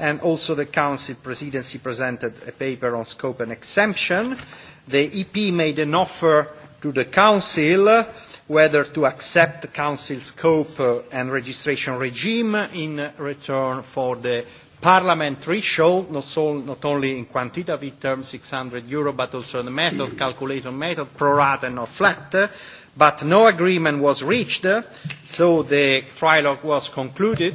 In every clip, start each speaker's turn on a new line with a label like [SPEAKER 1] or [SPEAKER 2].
[SPEAKER 1] and also the Council presidency presented a paper on scope and exemption. The EP made an offer to the Council whether to accept the Council scope and registration regime in return for the Parliament threshold, not only in quantitative terms, 600 euro, but also the method, calculation method, pro rata and not flat, but no agreement was reached, so the trilogue was concluded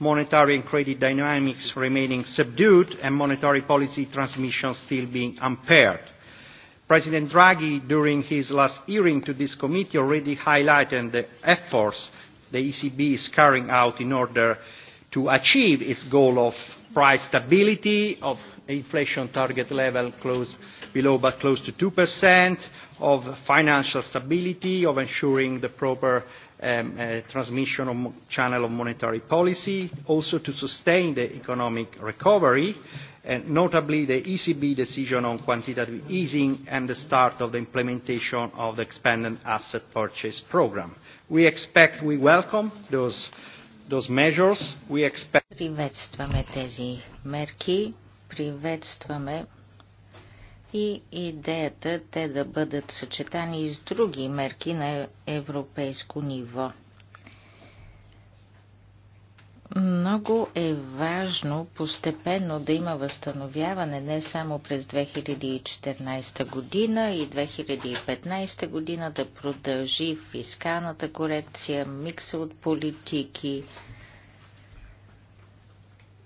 [SPEAKER 1] monetary and credit dynamics remaining subdued and monetary policy transmission still being impaired. President Draghi, during his last hearing to this committee, already highlighted the efforts the ECB is carrying out in order to achieve its goal of price stability, of inflation target level close below but close to 2%, of financial stability, of ensuring the proper um, uh, transmission of channel of monetary policy, also to sustain the economic recovery, and notably the ECB decision on quantitative easing and the start of the implementation of the expanded asset purchase program. We expect, we welcome those, those measures. We expect... Приветстваме
[SPEAKER 2] тези мерки, приветстваме и идеята те да бъдат съчетани и с други мерки на европейско ниво. Много е важно постепенно да има възстановяване не само през 2014 година и 2015 година да продължи фискалната корекция, микса от политики,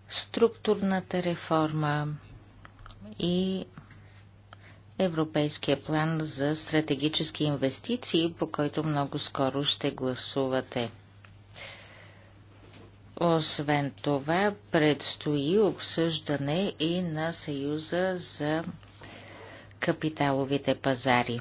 [SPEAKER 2] структурната реформа и Европейския план за стратегически инвестиции, по който много скоро ще гласувате. Освен това, предстои обсъждане и на Съюза за капиталовите пазари.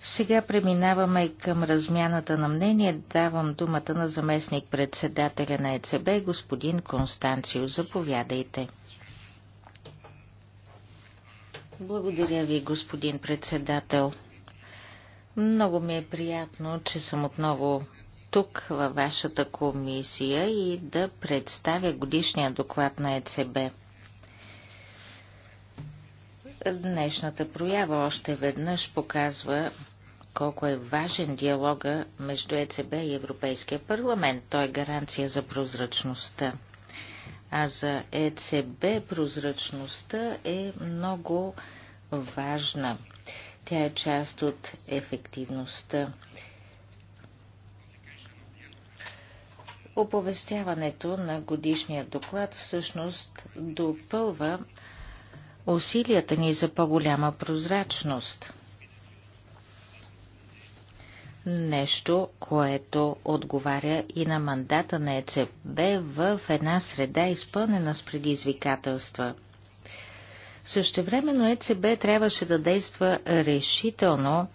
[SPEAKER 2] Сега преминаваме към размяната на мнение. Давам думата на заместник председателя на ЕЦБ, господин Констанцио. Заповядайте. Благодаря ви, господин председател. Много ми е приятно, че съм отново тук във вашата комисия и да представя годишния доклад на ЕЦБ. Днешната проява още веднъж показва колко е важен диалога между ЕЦБ и Европейския парламент. Той е гаранция за прозрачността. А за ЕЦБ прозрачността е много важна. Тя е част от ефективността. Оповестяването на годишния доклад всъщност допълва усилията ни за по-голяма прозрачност нещо, което отговаря и на мандата на ЕЦБ в една среда, изпълнена с предизвикателства. Същевременно ЕЦБ трябваше да действа решително,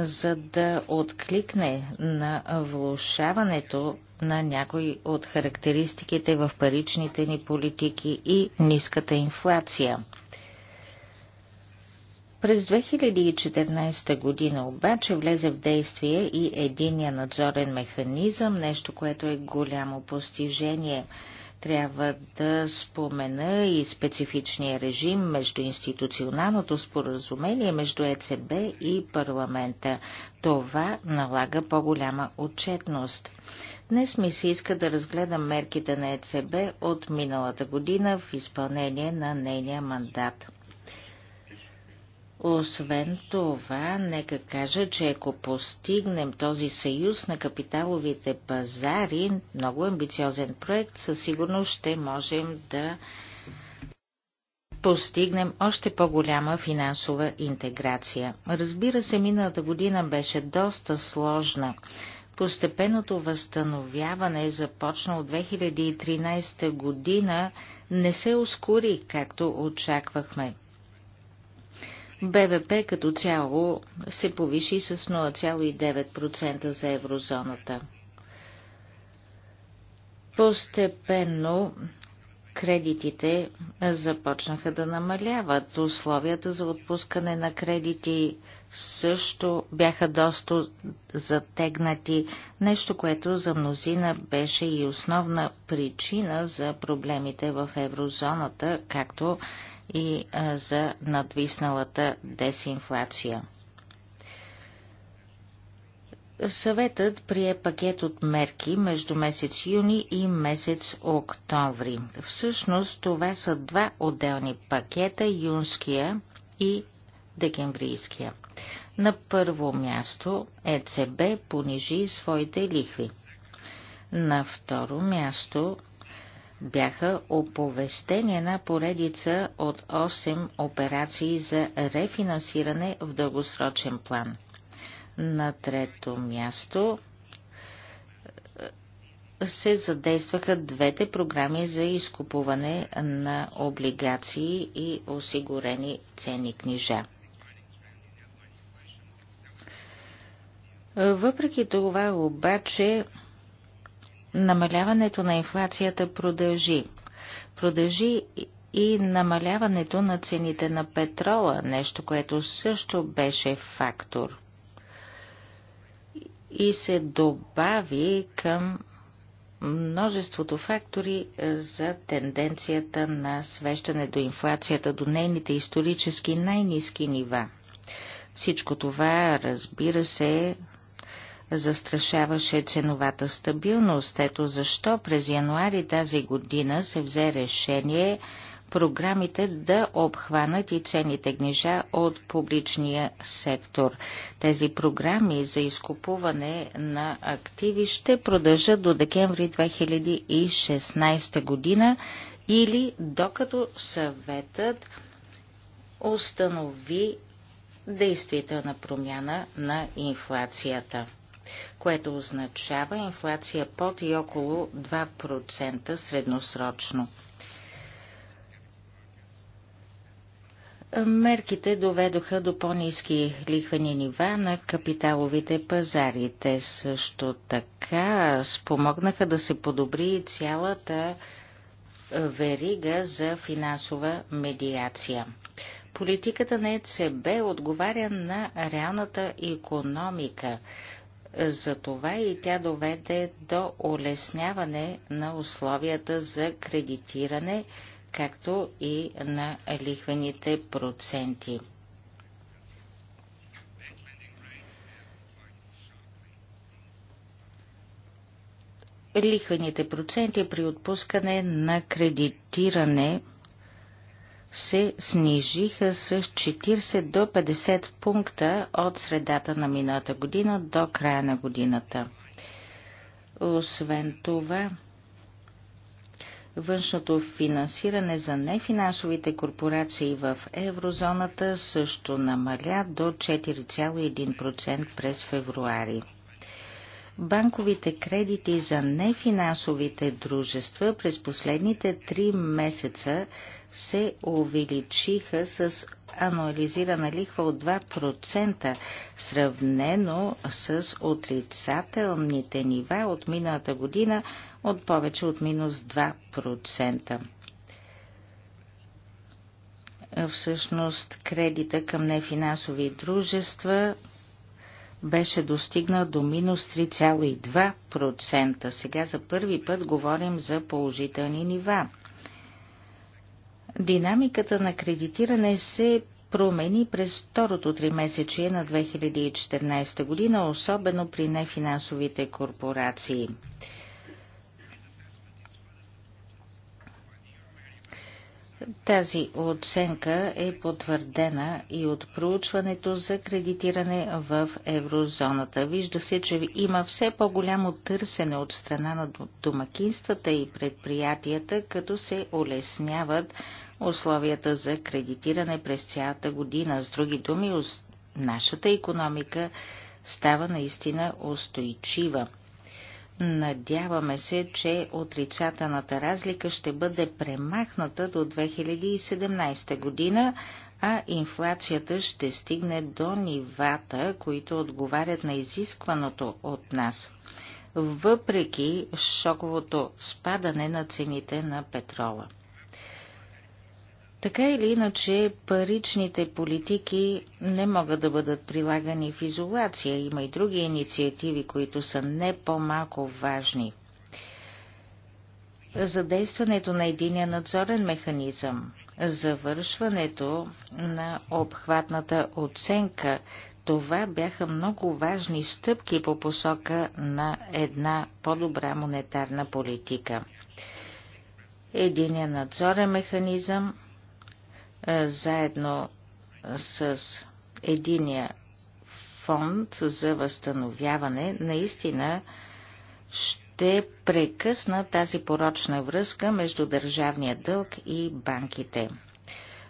[SPEAKER 2] за да откликне на влушаването на някои от характеристиките в паричните ни политики и ниската инфлация – през 2014 година обаче влезе в действие и единия надзорен механизъм, нещо, което е голямо постижение. Трябва да спомена и специфичния режим между институционалното споразумение между ЕЦБ и парламента. Това налага по-голяма отчетност. Днес ми се иска да разгледам мерките на ЕЦБ от миналата година в изпълнение на нейния мандат. Освен това, нека кажа, че ако постигнем този съюз на капиталовите пазари, много амбициозен проект, със сигурност ще можем да постигнем още по-голяма финансова интеграция. Разбира се, миналата година беше доста сложна. Постепенното възстановяване, е започнало 2013 година, не се ускори, както очаквахме. БВП като цяло се повиши с 0,9% за еврозоната. Постепенно кредитите започнаха да намаляват. Условията за отпускане на кредити също бяха доста затегнати, нещо, което за мнозина беше и основна причина за проблемите в еврозоната, както и за надвисналата десинфлация. Съветът прие пакет от мерки между месец юни и месец октомври. Всъщност това са два отделни пакета юнския и декемврийския. На първо място ЕЦБ понижи своите лихви. На второ място бяха оповестени на поредица от 8 операции за рефинансиране в дългосрочен план. На трето място е, се задействаха двете програми за изкупуване на облигации и осигурени ценни книжа. Въпреки това обаче намаляването на инфлацията продължи. Продължи и намаляването на цените на петрола, нещо, което също беше фактор. И се добави към множеството фактори е, за тенденцията на свещане до инфлацията до нейните исторически най-низки нива. Всичко това, разбира се, застрашаваше ценовата стабилност. Ето защо през януари тази година се взе решение програмите да обхванат и ценните книжа от публичния сектор. Тези програми за изкупуване на активи ще продължат до декември 2016 година или докато съветът установи действителна промяна на инфлацията което означава инфлация под и около 2% средносрочно. Мерките доведоха до по-низки лихвени нива на капиталовите пазари. Те също така спомогнаха да се подобри цялата е, верига за финансова медиация. Политиката на ЕЦБ отговаря на реалната економика. Затова и тя доведе до улесняване на условията за кредитиране, както и на лихвените проценти. Лихвените проценти при отпускане на кредитиране – се снижиха с 40 до 50 пункта от средата на миналата година до края на годината. Освен това, външното финансиране за нефинансовите корпорации в еврозоната също намаля до 4,1% през февруари. Банковите кредити за нефинансовите дружества през последните три месеца се увеличиха с ануализирана лихва от 2%, сравнено с отрицателните нива от миналата година от повече от минус 2%. Всъщност кредита към нефинансови дружества беше достигнал до минус 3,2%. Сега за първи път говорим за положителни нива. Динамиката на кредитиране се промени през второто три месечие на 2014 година, особено при нефинансовите корпорации. Тази оценка е потвърдена и от проучването за кредитиране в еврозоната. Вижда се, че има все по-голямо търсене от страна на домакинствата и предприятията, като се улесняват условията за кредитиране през цялата година. С други думи, нашата економика става наистина устойчива. Надяваме се, че отрицателната разлика ще бъде премахната до 2017 година, а инфлацията ще стигне до нивата, които отговарят на изискваното от нас, въпреки шоковото спадане на цените на петрола. Така или иначе, паричните политики не могат да бъдат прилагани в изолация. Има и други инициативи, които са не по-малко важни. Задействането на единия надзорен механизъм, завършването на обхватната оценка, това бяха много важни стъпки по посока на една по-добра монетарна политика. Единия надзорен механизъм е, заедно с единия фонд за възстановяване, наистина ще прекъсна тази порочна връзка между държавния дълг и банките.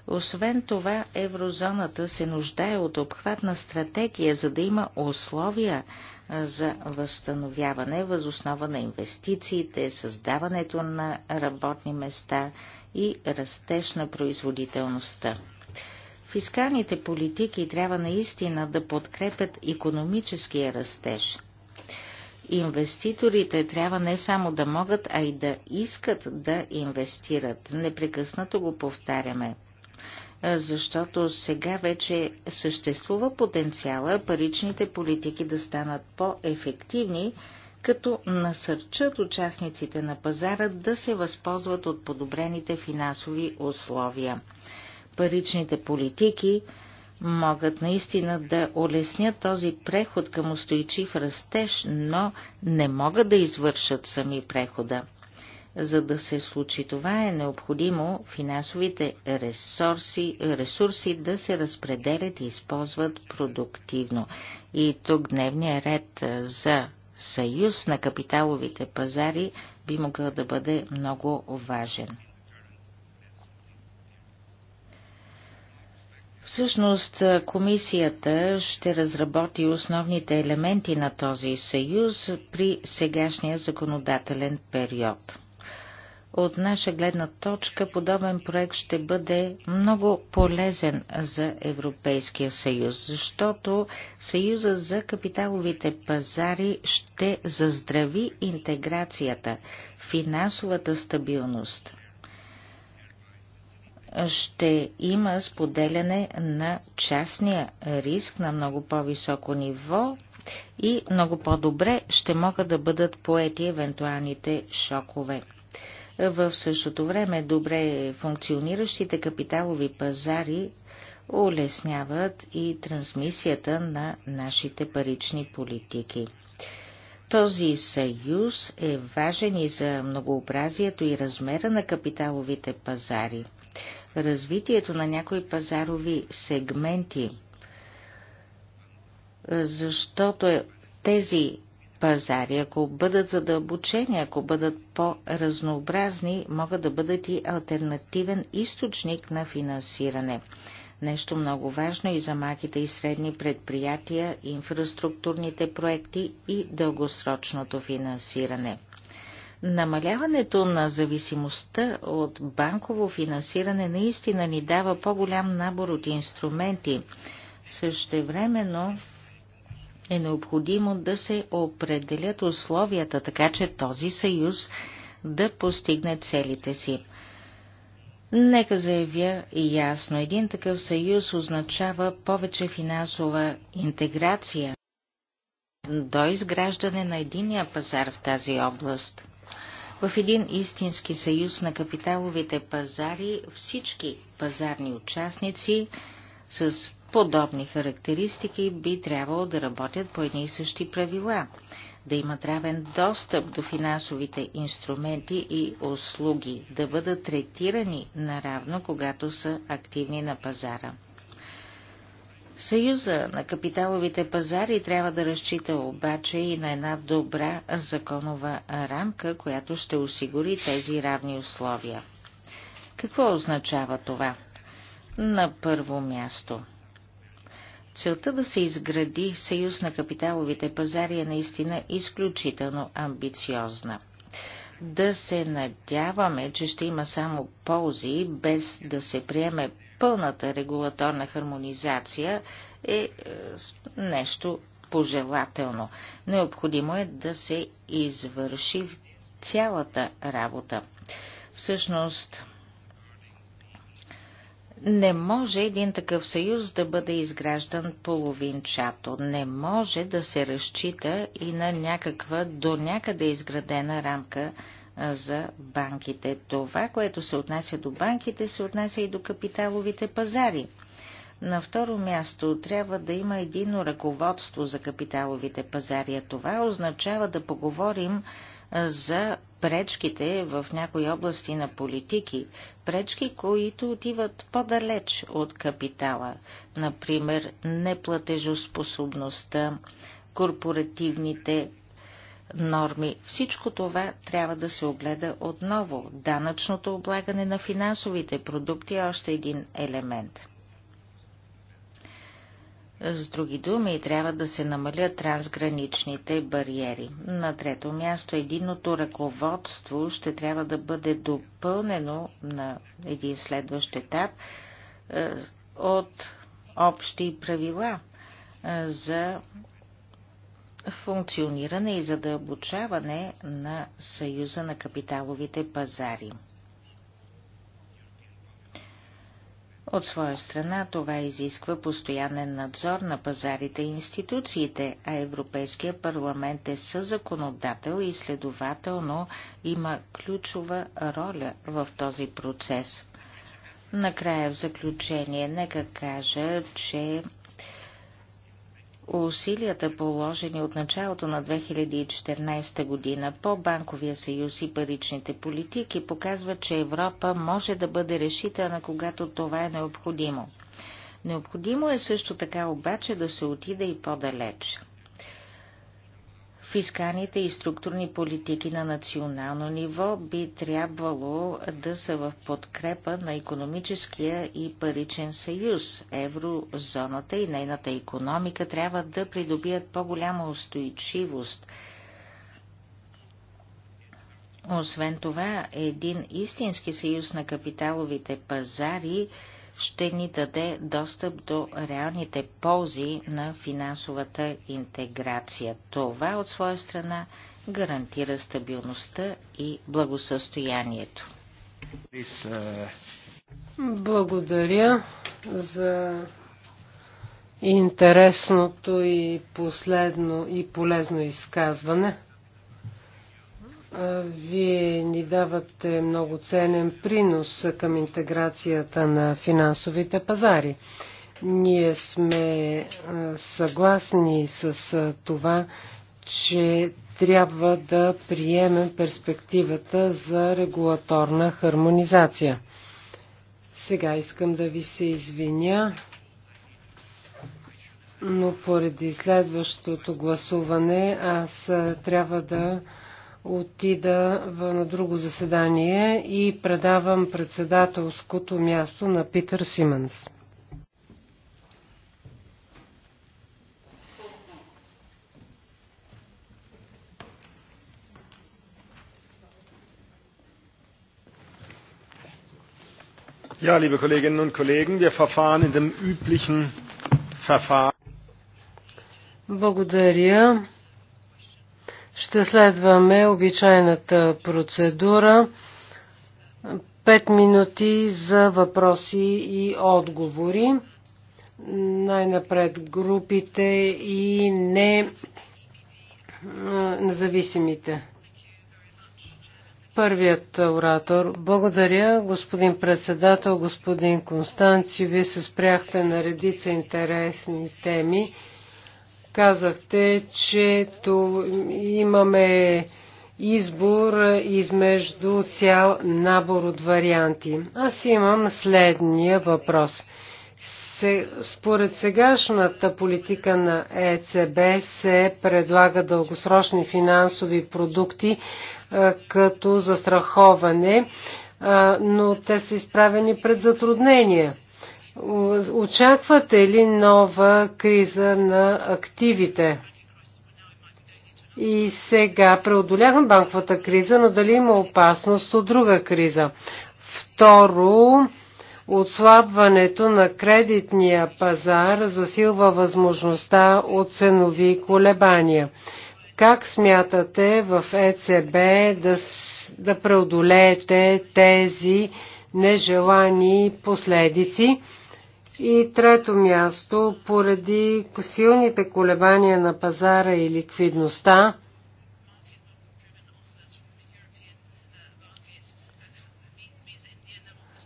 [SPEAKER 2] Освен това, еврозоната се нуждае от обхватна стратегия, за да има условия за възстановяване възоснова на инвестициите, създаването на работни места и растеж на производителността. Фискалните политики трябва наистина да подкрепят економическия растеж. Инвеститорите трябва не само да могат, а и да искат да инвестират. Непрекъснато го повтаряме защото сега вече съществува потенциала паричните политики да станат по-ефективни като насърчат участниците на пазара да се възползват от подобрените финансови условия. Паричните политики могат наистина да улеснят този преход към устойчив растеж, но не могат да извършат сами прехода. За да се случи това е необходимо финансовите ресурси, ресурси да се разпределят и използват продуктивно. И тук дневният ред за съюз на капиталовите пазари би могъл да бъде много важен. Всъщност комисията ще разработи основните елементи на този съюз при сегашния законодателен период. От наша гледна точка подобен проект ще бъде много полезен за Европейския съюз, защото Съюза за капиталовите пазари ще заздрави интеграцията, финансовата стабилност. Ще има споделяне на частния риск на много по-високо ниво и много по-добре ще могат да бъдат поети евентуалните шокове. В същото време добре функциониращите капиталови пазари улесняват и трансмисията на нашите парични политики. Този съюз е важен и за многообразието и размера на капиталовите пазари. Развитието на някои пазарови сегменти, защото е- тези пазари, ако бъдат задълбочени, ако бъдат по-разнообразни, могат да бъдат и альтернативен източник на финансиране. Нещо много важно и за малките и средни предприятия, инфраструктурните проекти и дългосрочното финансиране. Намаляването на зависимостта от банково финансиране наистина ни дава по-голям набор от инструменти. Същевременно е необходимо да се определят условията, така че този съюз да постигне целите си. Нека заявя ясно, един такъв съюз означава повече финансова интеграция до изграждане на единия пазар в тази област. В един истински съюз на капиталовите пазари всички пазарни участници с подобни характеристики би трябвало да работят по едни и същи правила, да имат равен достъп до финансовите инструменти и услуги, да бъдат третирани наравно, когато са активни на пазара. Съюза на капиталовите пазари трябва да разчита обаче и на една добра законова рамка, която ще осигури тези равни условия. Какво означава това? На първо място – Целта да се изгради съюз на капиталовите пазари е наистина изключително амбициозна. Да се надяваме, че ще има само ползи, без да се приеме пълната регулаторна хармонизация, е, е нещо пожелателно. Необходимо е да се извърши цялата работа. Всъщност, не може един такъв съюз да бъде изграждан половинчато. Не може да се разчита и на някаква до някъде изградена рамка за банките. Това, което се отнася до банките, се отнася и до капиталовите пазари. На второ място трябва да има едино ръководство за капиталовите пазари, това означава да поговорим за пречките в някои области на политики, пречки, които отиват по-далеч от капитала, например неплатежоспособността, корпоративните норми. Всичко това трябва да се огледа отново. Данъчното облагане на финансовите продукти е още един елемент. С други думи, трябва да се намалят трансграничните бариери. На трето място, единното ръководство ще трябва да бъде допълнено на един следващ етап е, от общи правила е, за функциониране и задълбочаване на Съюза на капиталовите пазари. От своя страна това изисква постоянен надзор на пазарите и институциите, а Европейския парламент е съзаконодател и следователно има ключова роля в този процес. Накрая в заключение нека кажа, че усилията положени от началото на 2014 година по Банковия съюз и паричните политики показват, че Европа може да бъде решителна, когато това е необходимо. Необходимо е също така обаче да се отида и по-далеч фискалните и структурни политики на национално ниво би трябвало да са в подкрепа на економическия и паричен съюз. Еврозоната и нейната економика трябва да придобият по-голяма устойчивост. Освен това, един истински съюз на капиталовите пазари – ще ни даде достъп до реалните ползи на финансовата интеграция. Това от своя страна гарантира стабилността и благосъстоянието.
[SPEAKER 3] Благодаря за интересното и последно и полезно изказване. Вие ни давате много ценен принос към интеграцията на финансовите пазари. Ние сме съгласни с това, че трябва да приемем перспективата за регулаторна хармонизация. Сега искам да ви се извиня, но поради следващото гласуване аз трябва да отида в, на друго заседание и предавам председателското място на Питър Симънс.
[SPEAKER 1] Ja, liebe Kolleginnen und Kollegen, wir verfahren in dem üblichen Verfahren.
[SPEAKER 3] Благодаря. Ще следваме обичайната процедура. Пет минути за въпроси и отговори. Най-напред групите и не независимите. Първият оратор. Благодаря, господин председател, господин Констанци. Вие се спряхте на редица интересни теми. Казахте, че имаме избор измежду цял набор от варианти. Аз имам следния въпрос. Според сегашната политика на ЕЦБ се предлага дългосрочни финансови продукти като застраховане, но те са изправени пред затруднения. Очаквате ли нова криза на активите? И сега преодоляхме банковата криза, но дали има опасност от друга криза? Второ, отслабването на кредитния пазар засилва възможността от ценови колебания. Как смятате в ЕЦБ да, да преодолеете тези нежелани последици? И трето място, поради силните колебания на пазара и ликвидността,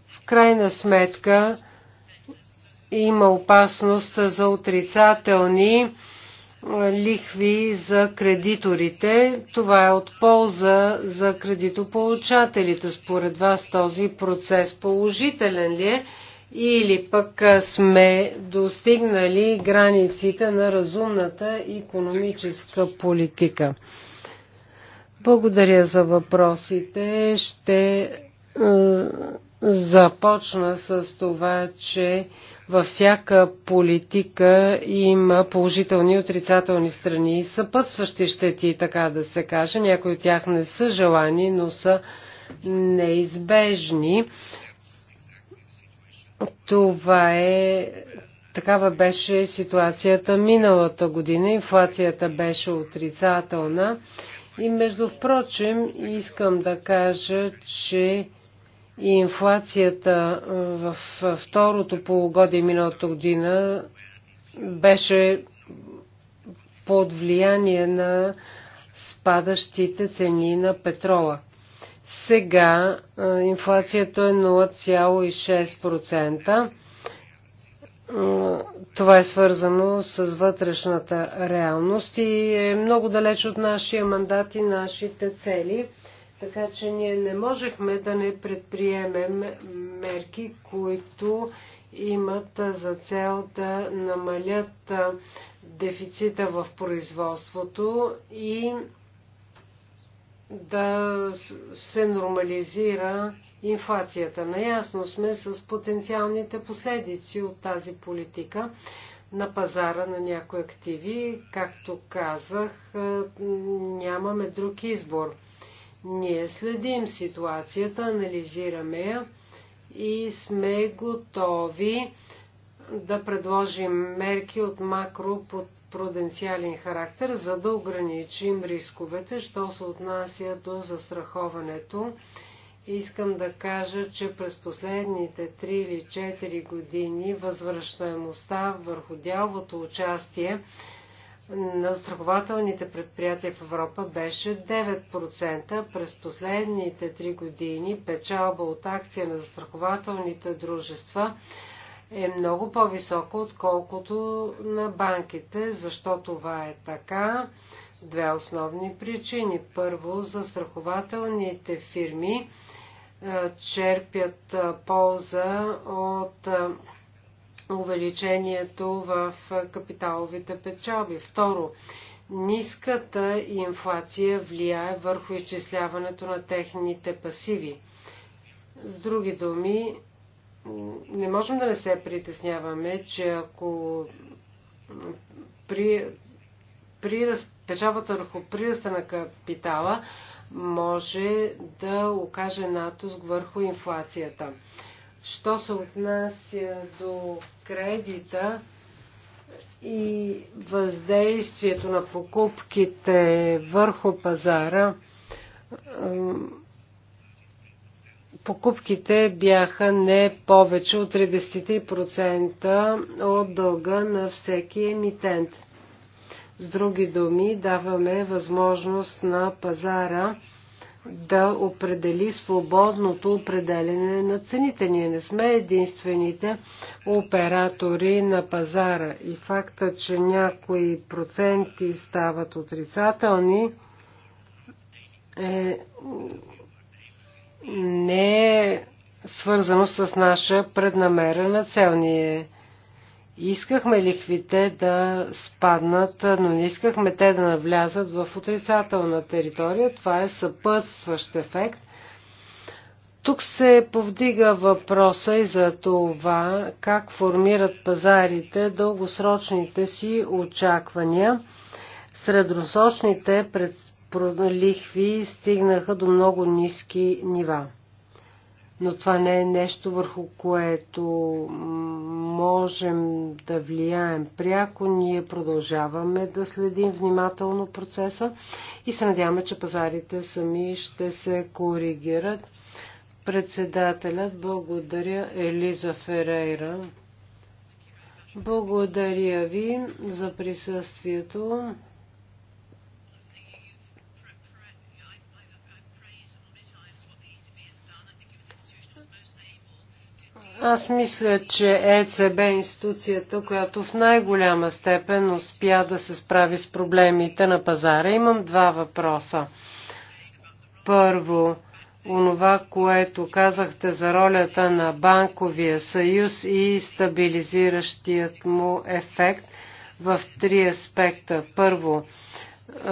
[SPEAKER 3] в крайна сметка има опасност за отрицателни лихви за кредиторите. Това е от полза за кредитополучателите. Според вас този процес положителен ли е? или пък сме достигнали границите на разумната економическа политика. Благодаря за въпросите. Ще е, започна с това, че във всяка политика има положителни и отрицателни страни, и съпътстващи щети, така да се каже. Някои от тях не са желани, но са неизбежни това е Такава беше ситуацията миналата година. Инфлацията беше отрицателна. И между впрочем, искам да кажа, че инфлацията в второто полугодие миналата година беше под влияние на спадащите цени на петрола. Сега инфлацията е 0,6%. Това е свързано с вътрешната реалност и е много далеч от нашия мандат и нашите цели. Така че ние не можехме да не предприемем мерки, които имат за цел да намалят дефицита в производството и да се нормализира инфлацията. Наясно сме с потенциалните последици от тази политика на пазара на някои активи. Както казах, е, нямаме друг избор. Ние следим ситуацията, анализираме я и сме готови да предложим мерки от макро пруденциален характер, за да ограничим рисковете, що се отнася до застраховането. Искам да кажа, че през последните 3 или 4 години възвръщаемостта върху дяловото участие на страхователните предприятия в Европа беше 9%. През последните 3 години печалба от акция на застрахователните дружества е много по-висока, отколкото на банките. Защо това е така? Две основни причини. Първо, застрахователните фирми черпят полза от увеличението в капиталовите печалби. Второ, ниската инфлация влияе върху изчисляването на техните пасиви. С други думи, не можем да не се притесняваме, че ако при, при печалбата върху прираста на капитала може да окаже натиск върху инфлацията. Що се отнася до кредита и въздействието на покупките върху пазара, покупките бяха не повече от 33% от дълга на всеки емитент. С други думи, даваме възможност на пазара да определи свободното определене на цените. Ние не сме единствените оператори на пазара и факта, че някои проценти стават отрицателни е не е свързано с наша преднамерена цел. Ние искахме лихвите да спаднат, но не искахме те да навлязат в отрицателна територия. Това е съпътстващ ефект. Тук се повдига въпроса и за това как формират пазарите дългосрочните си очаквания. Средносрочните пред лихви стигнаха до много ниски нива. Но това не е нещо върху което можем да влияем пряко. Ние продължаваме да следим внимателно процеса и се надяваме, че пазарите сами ще се коригират. Председателят благодаря Елиза Ферейра. Благодаря ви за присъствието. Аз мисля, че ЕЦБ е институцията, която в най-голяма степен успя да се справи с проблемите на пазара. Имам два въпроса. Първо, онова, което казахте за ролята на банковия съюз и стабилизиращият му ефект в три аспекта. Първо, е,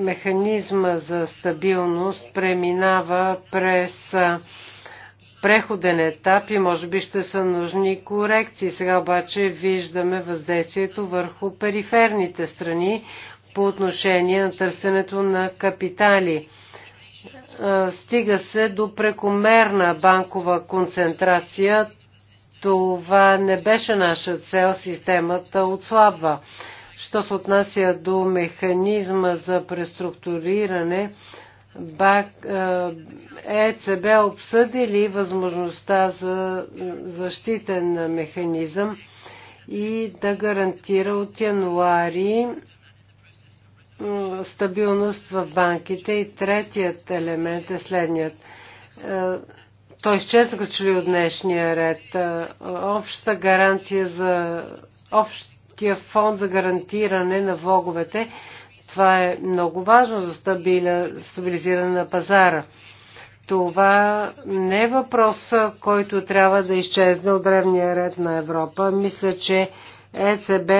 [SPEAKER 3] механизма за стабилност преминава през е, преходен етап и може би ще са нужни корекции. Сега обаче виждаме въздействието върху периферните страни по отношение на търсенето на капитали. Стига се до прекомерна банкова концентрация. Това не беше наша цел. Системата отслабва. Що се отнася до механизма за преструктуриране, БАК, е, ЕЦБ обсъдили възможността за защитен механизъм и да гарантира от януари стабилност в банките. И третият елемент е следният. Е, той изчезна като че ли от днешния ред. Е, Обща гарантия за общия фонд за гарантиране на влоговете това е много важно за стабиля, стабилизиране на пазара. Това не е въпрос, който трябва да изчезне от древния ред на Европа. Мисля, че ЕЦБ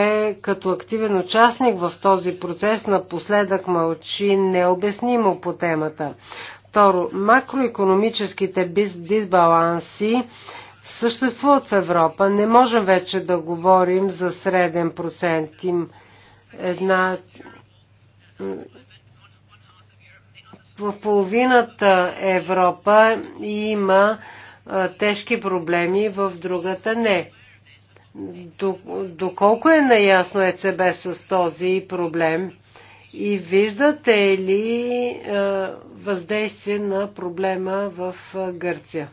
[SPEAKER 3] като активен участник в този процес напоследък мълчи необяснимо по темата. Второ, макроекономическите дисбаланси съществуват в Европа. Не можем вече да говорим за среден процент. Им една в половината Европа има тежки проблеми, в другата не. Доколко е наясно ЕЦБ с този проблем и виждате ли въздействие на проблема в Гърция?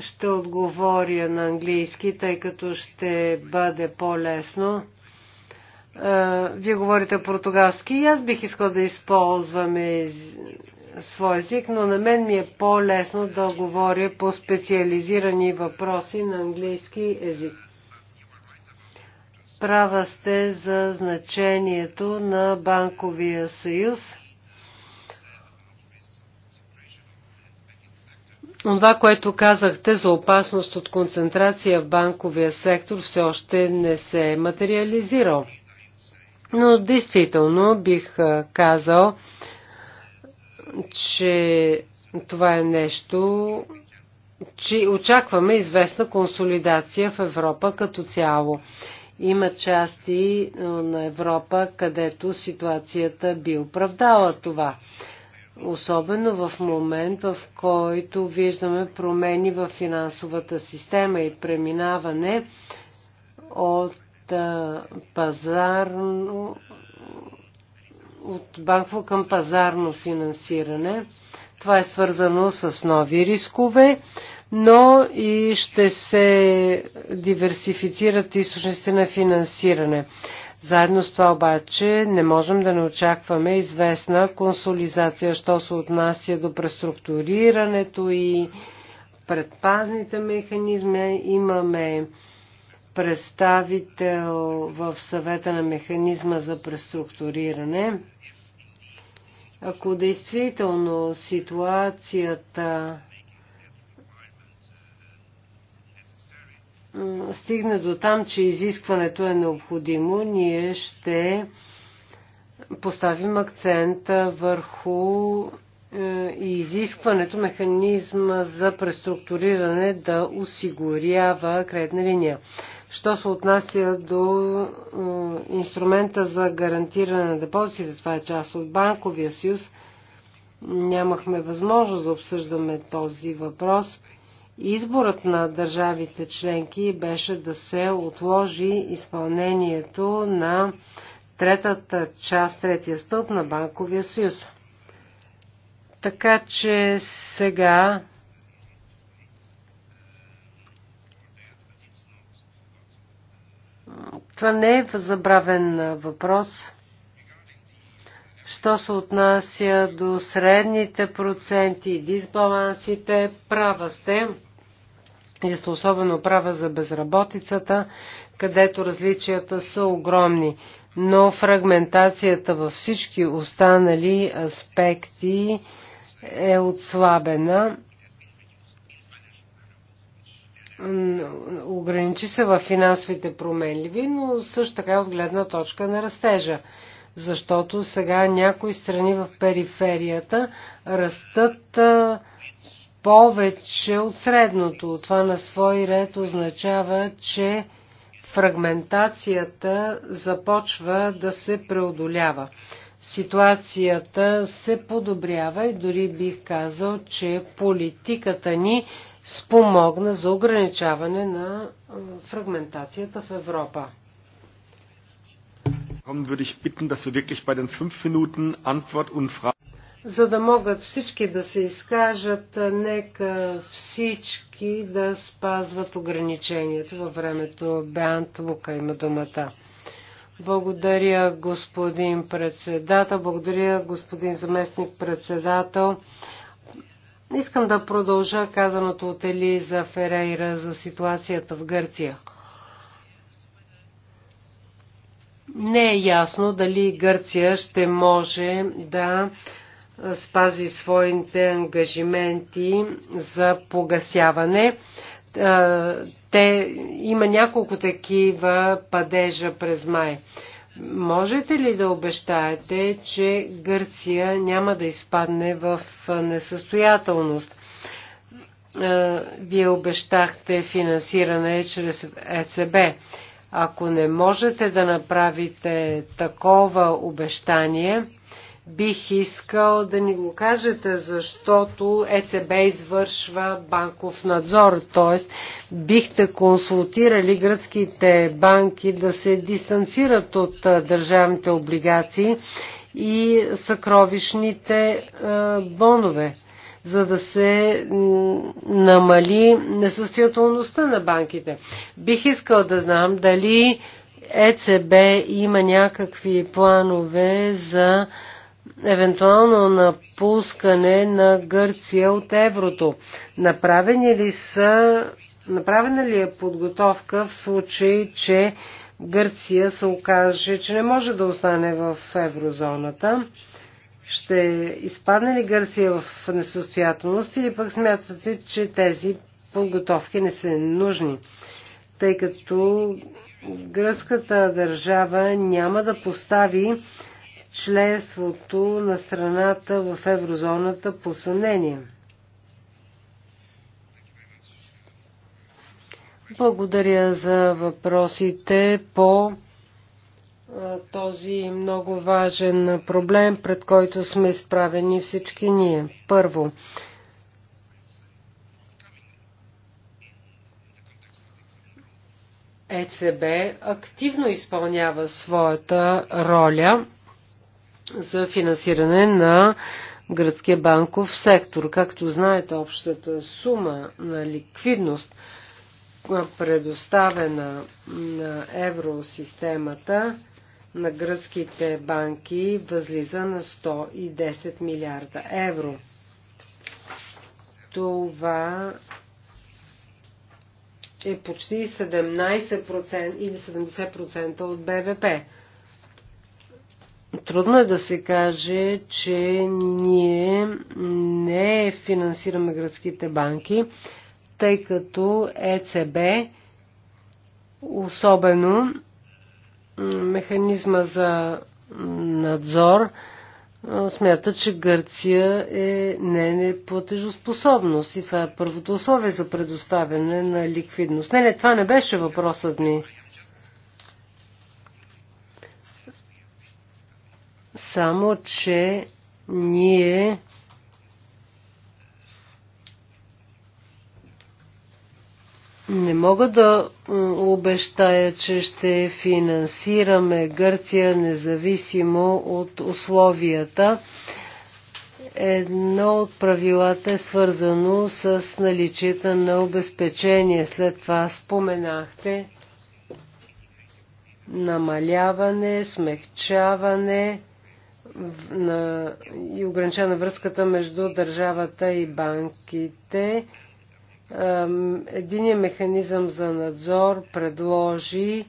[SPEAKER 3] Ще отговоря на английски, тъй като ще бъде по-лесно. Е, вие говорите португалски и аз бих искал да използваме свой език, но на мен ми е по-лесно да говоря по специализирани въпроси на английски език. Права сте за значението на Банковия съюз. Това, което казахте за опасност от концентрация в банковия сектор, все още не се е материализирал. Но действително бих казал, че това е нещо, че очакваме известна консолидация в Европа като цяло. Има части на Европа, където ситуацията би оправдала това. Особено в момент, в който виждаме промени в финансовата система и преминаване от пазарно от банково към пазарно финансиране. Това е свързано с нови рискове, но и ще се диверсифицират източниците на финансиране. Заедно с това обаче не можем да не очакваме известна консолизация, що се отнася до преструктурирането и предпазните механизми. Имаме представител в съвета на механизма за преструктуриране. Ако действително ситуацията стигне до там, че изискването е необходимо, ние ще поставим акцента върху и е, изискването механизма за преструктуриране да осигурява кредна линия. Що се отнася до е, инструмента за гарантиране на депозити, за това е част от банковия съюз, нямахме възможност да обсъждаме този въпрос. Изборът на държавите членки беше да се отложи изпълнението на третата част, третия стълб на банковия съюз. Така че сега Това не е забравен въпрос. Що се отнася до средните проценти и дисбалансите, права сте. И сте особено права за безработицата, където различията са огромни. Но фрагментацията във всички останали аспекти е отслабена ограничи се в финансовите променливи, но също така от гледна точка на растежа. Защото сега някои страни в периферията растат повече от средното. Това на свой ред означава, че фрагментацията започва да се преодолява. Ситуацията се подобрява и дори бих казал, че политиката ни спомогна за ограничаване на фрагментацията в Европа. За да могат всички да се изкажат, нека всички да спазват ограничението във времето. Беант Лука има думата. Благодаря, господин председател. Благодаря, господин заместник председател. Искам да продължа казаното от Елиза Ферейра за ситуацията в Гърция. Не е ясно дали Гърция ще може да спази своите ангажименти за погасяване. Те има няколко такива падежа през май. Можете ли да обещаете, че Гърция няма да изпадне в несъстоятелност? Вие обещахте финансиране чрез ЕЦБ. Ако не можете да направите такова обещание, Бих искал да ни го кажете, защото ЕЦБ извършва банков надзор, т.е. бихте консултирали гръцките банки да се дистанцират от държавните облигации и съкровищните бонове, за да се намали несъстоятелността на банките. Бих искал да знам дали ЕЦБ има някакви планове за евентуално напускане на Гърция от еврото. Направени ли са, направена ли е подготовка в случай, че Гърция се окаже, че не може да остане в еврозоната? Ще изпадне ли Гърция в несъстоятелност или пък смятате, че тези подготовки не са нужни, тъй като гръцката държава няма да постави членството на страната в еврозоната по съмнение. Благодаря за въпросите по този много важен проблем, пред който сме изправени всички ние. Първо, ЕЦБ активно изпълнява своята роля за финансиране на гръцкия банков сектор. Както знаете, общата сума на ликвидност, предоставена на евросистемата на гръцките банки, възлиза на 110 милиарда евро. Това е почти 17% или 70% от БВП. Трудно е да се каже, че ние не финансираме градските банки, тъй като ЕЦБ, особено механизма за надзор, смята, че Гърция е не неплатежоспособност и това е първото условие за предоставяне на ликвидност. Не, не, това не беше въпросът ми. само че ние Не мога да обещая, че ще финансираме Гърция независимо от условията. Едно от правилата е свързано с наличието на обезпечение. След това споменахте намаляване, смягчаване на, и ограничена връзката между държавата и банките. Единият механизъм за надзор предложи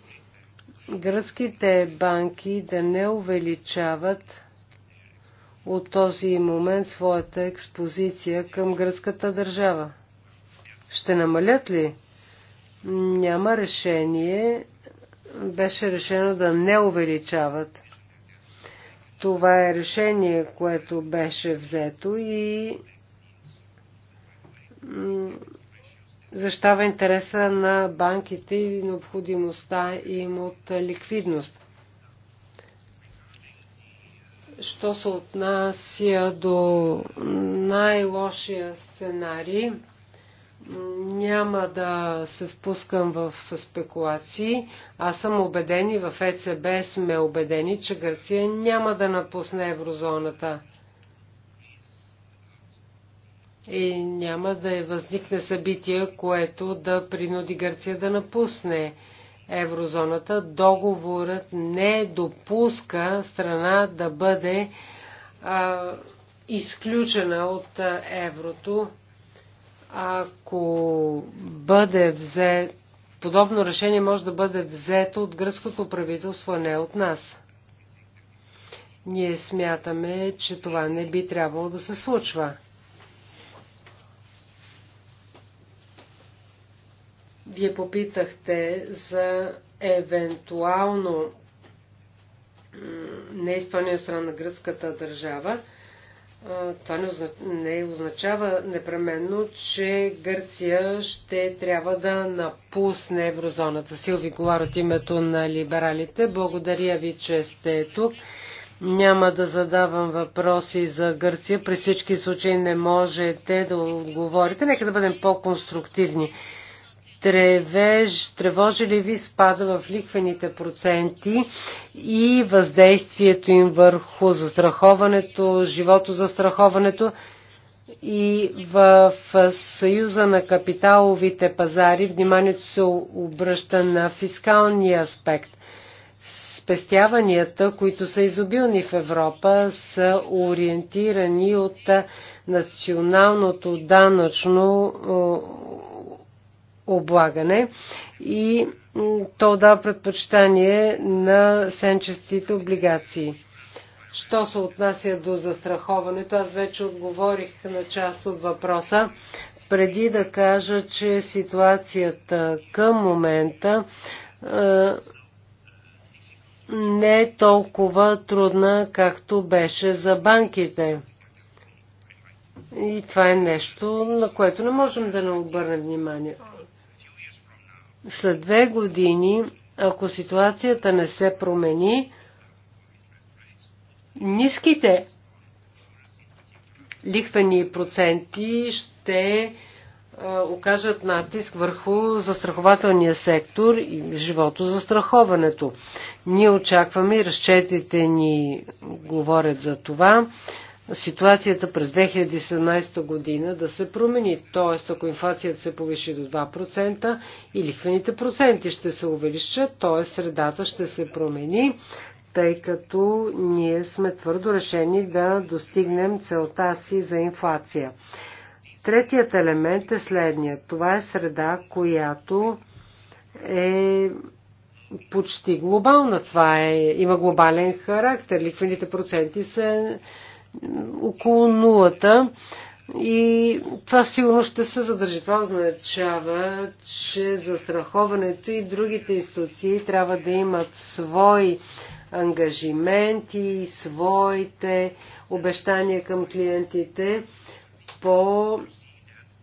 [SPEAKER 3] гръцките банки да не увеличават от този момент своята експозиция към гръцката държава. Ще намалят ли? Няма решение. Беше решено да не увеличават. Това е решение, което беше взето и защава интереса на банките и необходимостта им от ликвидност. Що се отнася до най-лошия сценарий, няма да се впускам в спекулации. Аз съм убеден и в ЕЦБ сме убедени, че Гърция няма да напусне еврозоната. И няма да е възникне събитие, което да принуди Гърция да напусне еврозоната. Договорът не допуска страна да бъде а, изключена от еврото ако бъде взе, подобно решение може да бъде взето от гръцкото правителство, а не от нас. Ние смятаме, че това не би трябвало да се случва. Вие попитахте за евентуално неизпълнение от страна на гръцката държава това не означава непременно, че Гърция ще трябва да напусне еврозоната. Силви Голар от името на либералите, благодаря ви, че сте тук. Няма да задавам въпроси за Гърция. При всички случаи не можете да отговорите. Нека да бъдем по-конструктивни тревеж, тревожи ли ви спада в лихвените проценти и въздействието им върху застраховането, живото застраховането и в Съюза на капиталовите пазари вниманието се обръща на фискалния аспект. Спестяванията, които са изобилни в Европа, са ориентирани от националното данъчно облагане и то дава предпочитание на сенчестите облигации. Що се отнася до застраховането, аз вече отговорих на част от въпроса. Преди да кажа, че ситуацията към момента е, не е толкова трудна, както беше за банките. И това е нещо, на което не можем да не обърнем внимание. След две години, ако ситуацията не се промени, ниските лихвени проценти ще окажат натиск върху застрахователния сектор и живото застраховането. Ние очакваме разчетите ни говорят за това ситуацията през 2017 година да се промени. Т.е. ако инфлацията се повиши до 2% и лихвените проценти ще се увеличат, т.е. средата ще се промени, тъй като ние сме твърдо решени да достигнем целта си за инфлация. Третият елемент е следният. Това е среда, която е почти глобална. Това е, има глобален характер. Лихвените проценти се около нулата. И това сигурно ще се задържи. Това означава, че застраховането и другите институции трябва да имат свои ангажименти, своите обещания към клиентите по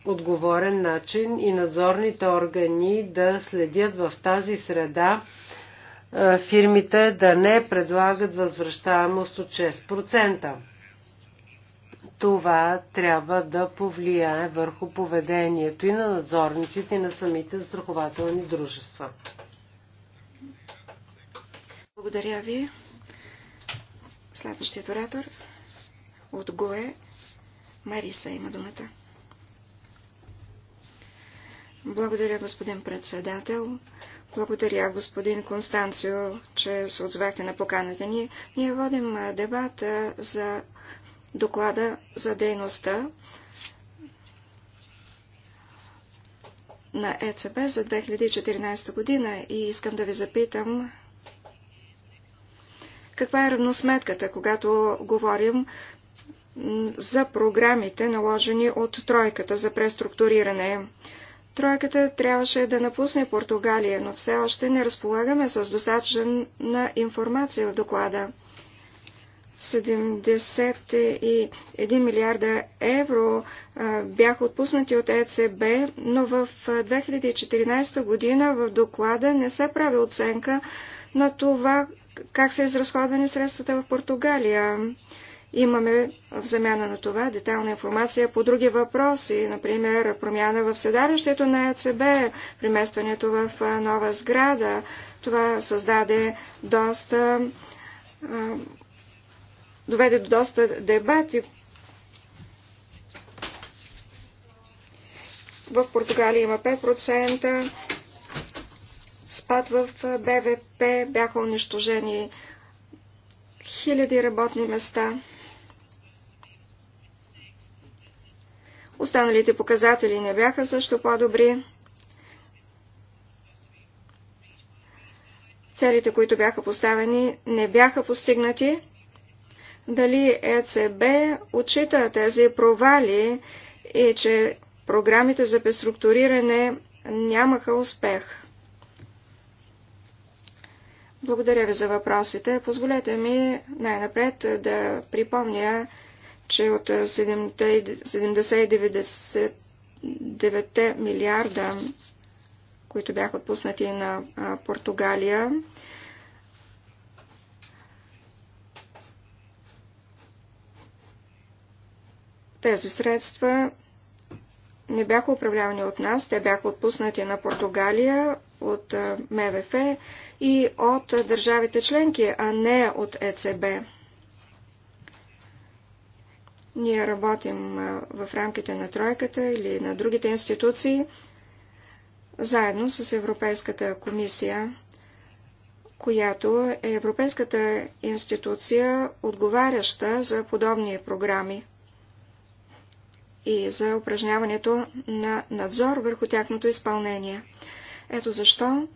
[SPEAKER 3] отговорен начин и надзорните органи да следят в тази среда фирмите да не предлагат възвръщаемост от 6% това трябва да повлияе върху поведението и на надзорниците, и на самите страхователни дружества.
[SPEAKER 4] Благодаря ви. Следващият оратор от ГОЕ Мариса има думата. Благодаря, господин председател. Благодаря, господин Констанцио, че се отзвахте на поканата ни. Ние водим дебата за доклада за дейността на ЕЦБ за 2014 година и искам да ви запитам каква е равносметката, когато говорим за програмите, наложени от тройката за преструктуриране. Тройката трябваше да напусне Португалия, но все още не разполагаме с достатъчна информация в доклада. 71 милиарда евро бяха отпуснати от ЕЦБ, но в 2014 година в доклада не се прави оценка на това как са изразходвани средствата в Португалия. Имаме в замяна на това детална информация по други въпроси, например промяна в седалището на ЕЦБ, приместването в нова сграда. Това създаде доста доведе до доста дебати. В Португалия има 5% спад в БВП, бяха унищожени хиляди работни места. Останалите показатели не бяха също по-добри. Целите, които бяха поставени, не бяха постигнати дали ЕЦБ отчита тези провали и че програмите за преструктуриране нямаха успех. Благодаря ви за въпросите. Позволете ми най-напред да припомня, че от 79 милиарда, които бяха отпуснати на Португалия, Тези средства не бяха управлявани от нас, те бяха отпуснати на Португалия, от МВФ и от държавите членки, а не от ЕЦБ. Ние работим в рамките на тройката или на другите институции, заедно с Европейската комисия, която е европейската институция, отговаряща за подобни програми и за упражняването на надзор върху тяхното изпълнение. Ето защо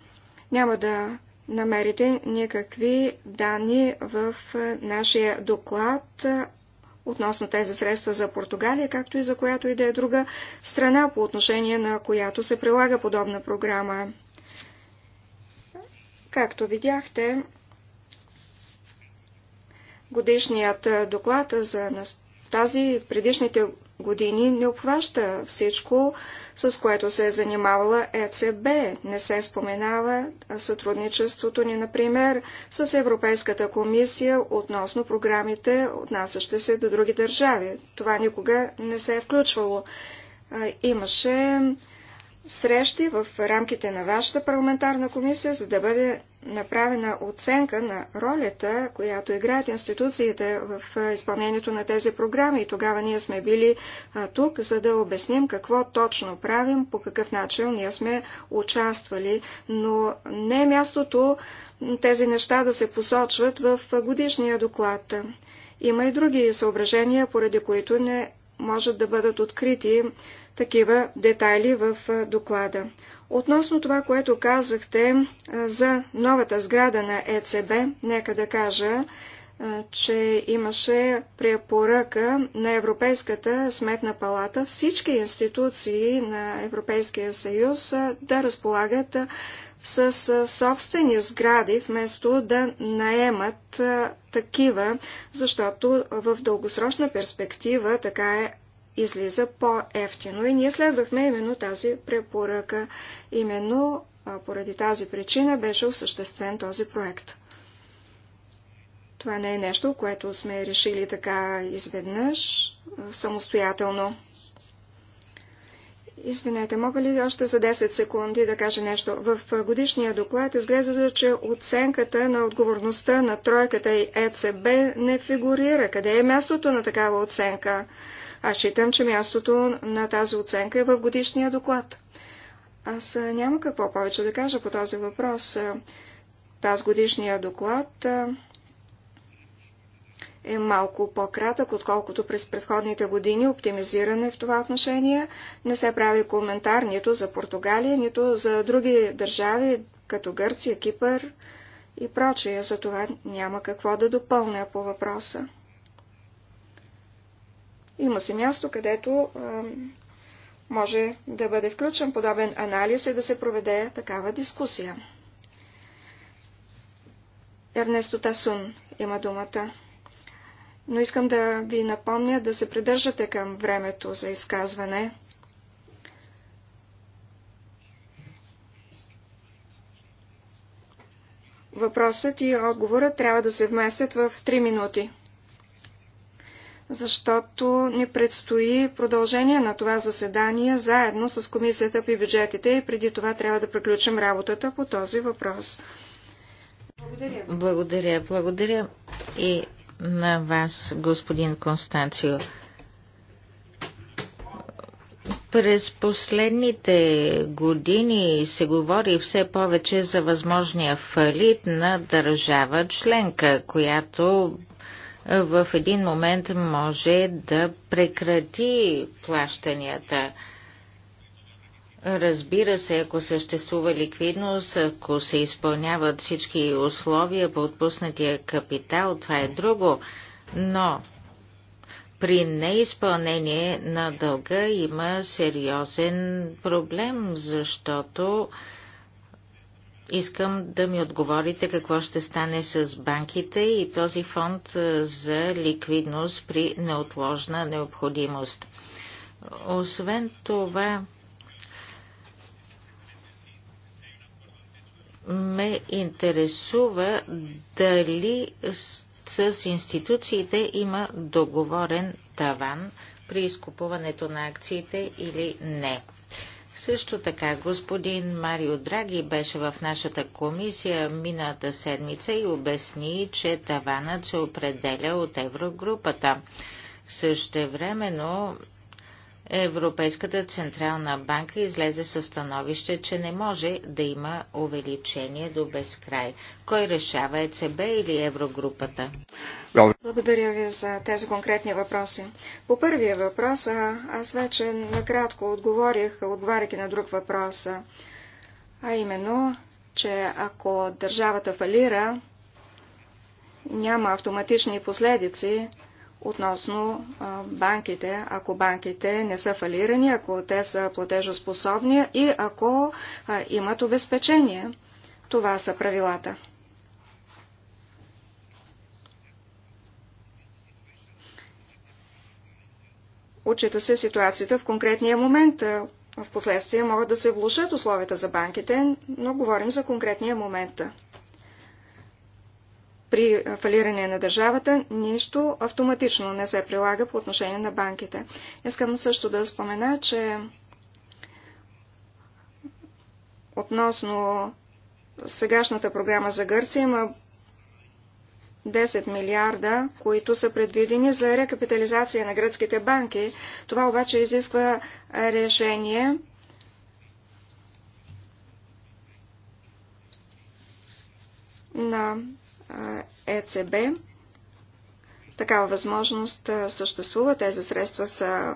[SPEAKER 4] няма да намерите никакви данни в е, нашия доклад е, относно тези средства за Португалия, както и за която и да е друга страна, по отношение на която се прилага подобна програма. Както видяхте, годишният е, доклад за тази предишните години не обхваща всичко, с което се е занимавала ЕЦБ. Не се споменава сътрудничеството ни, например, с Европейската комисия относно програмите, отнасящи се до други държави. Това никога не се е включвало. Имаше срещи в рамките на вашата парламентарна комисия, за да бъде направена оценка на ролята, която играят институциите в изпълнението на тези програми. И тогава ние сме били тук, за да обясним какво точно правим, по какъв начин ние сме участвали. Но не е мястото тези неща да се посочват в годишния доклад. Има и други съображения, поради които не може да бъдат открити такива детайли в доклада. Относно това, което казахте за новата сграда на ЕЦБ, нека да кажа, че имаше препоръка на Европейската сметна палата всички институции на Европейския съюз да разполагат с собствени сгради, вместо да наемат такива, защото в дългосрочна перспектива така е излиза по-ефтино. И ние следвахме именно тази препоръка. Именно поради тази причина беше осъществен този проект. Това не е нещо, което сме решили така изведнъж, самостоятелно. Извинете, мога ли още за 10 секунди да кажа нещо? В годишния доклад изглежда, че оценката на отговорността на тройката и ЕЦБ не фигурира. Къде е мястото на такава оценка? Аз считам, че мястото на тази оценка е в годишния доклад. Аз няма какво повече да кажа по този въпрос. Тази годишния доклад е малко по-кратък, отколкото през предходните години. Оптимизиране в това отношение не се прави коментар нито за Португалия, нито за други държави, като Гърция, Кипър и прочие. За това няма какво да допълня по въпроса. Има се място, където може да бъде включен подобен анализ и да се проведе такава дискусия. Ернесто Тасун има думата. Но искам да ви напомня да се придържате към времето за изказване. Въпросът и отговорът трябва да се вместят в 3 минути защото ни предстои продължение на това заседание заедно с Комисията по бюджетите и преди това трябва да приключим работата по този въпрос. Благодаря.
[SPEAKER 2] Благодаря, благодаря и на вас, господин Констанцио. През последните години се говори все повече за възможния фалит на държава членка, която в един момент може да прекрати плащанията. Разбира се, ако съществува ликвидност, ако се изпълняват всички условия по отпуснатия капитал, това е друго, но при неизпълнение на дълга има сериозен проблем, защото Искам да ми отговорите какво ще стане с банките и този фонд е, за ликвидност при неотложна необходимост. Освен това, ме интересува дали с, институциите има договорен таван при изкупуването на акциите или не. Също така господин Марио Драги беше в нашата комисия мината седмица и обясни, че таванът се определя от еврогрупата. времено. Европейската централна банка излезе със становище, че не може да има увеличение до безкрай. Кой решава ЕЦБ или Еврогрупата?
[SPEAKER 4] Благодаря ви за тези конкретни въпроси. По първия въпрос, аз вече накратко отговорих, отговаряйки на друг въпрос, а именно, че ако държавата фалира, няма автоматични последици относно банките, ако банките не са фалирани, ако те са платежоспособни и ако имат обезпечение. Това са правилата. Учета се ситуацията в конкретния момент. В последствие могат да се влушат условията за банките, но говорим за конкретния момент при фалиране на държавата, нищо автоматично не се прилага по отношение на банките. Искам също да спомена, че относно сегашната програма за Гърция има 10 милиарда, които са предвидени за рекапитализация на гръцките банки. Това обаче изисква решение на ЕЦБ. Такава възможност съществува. Тези средства са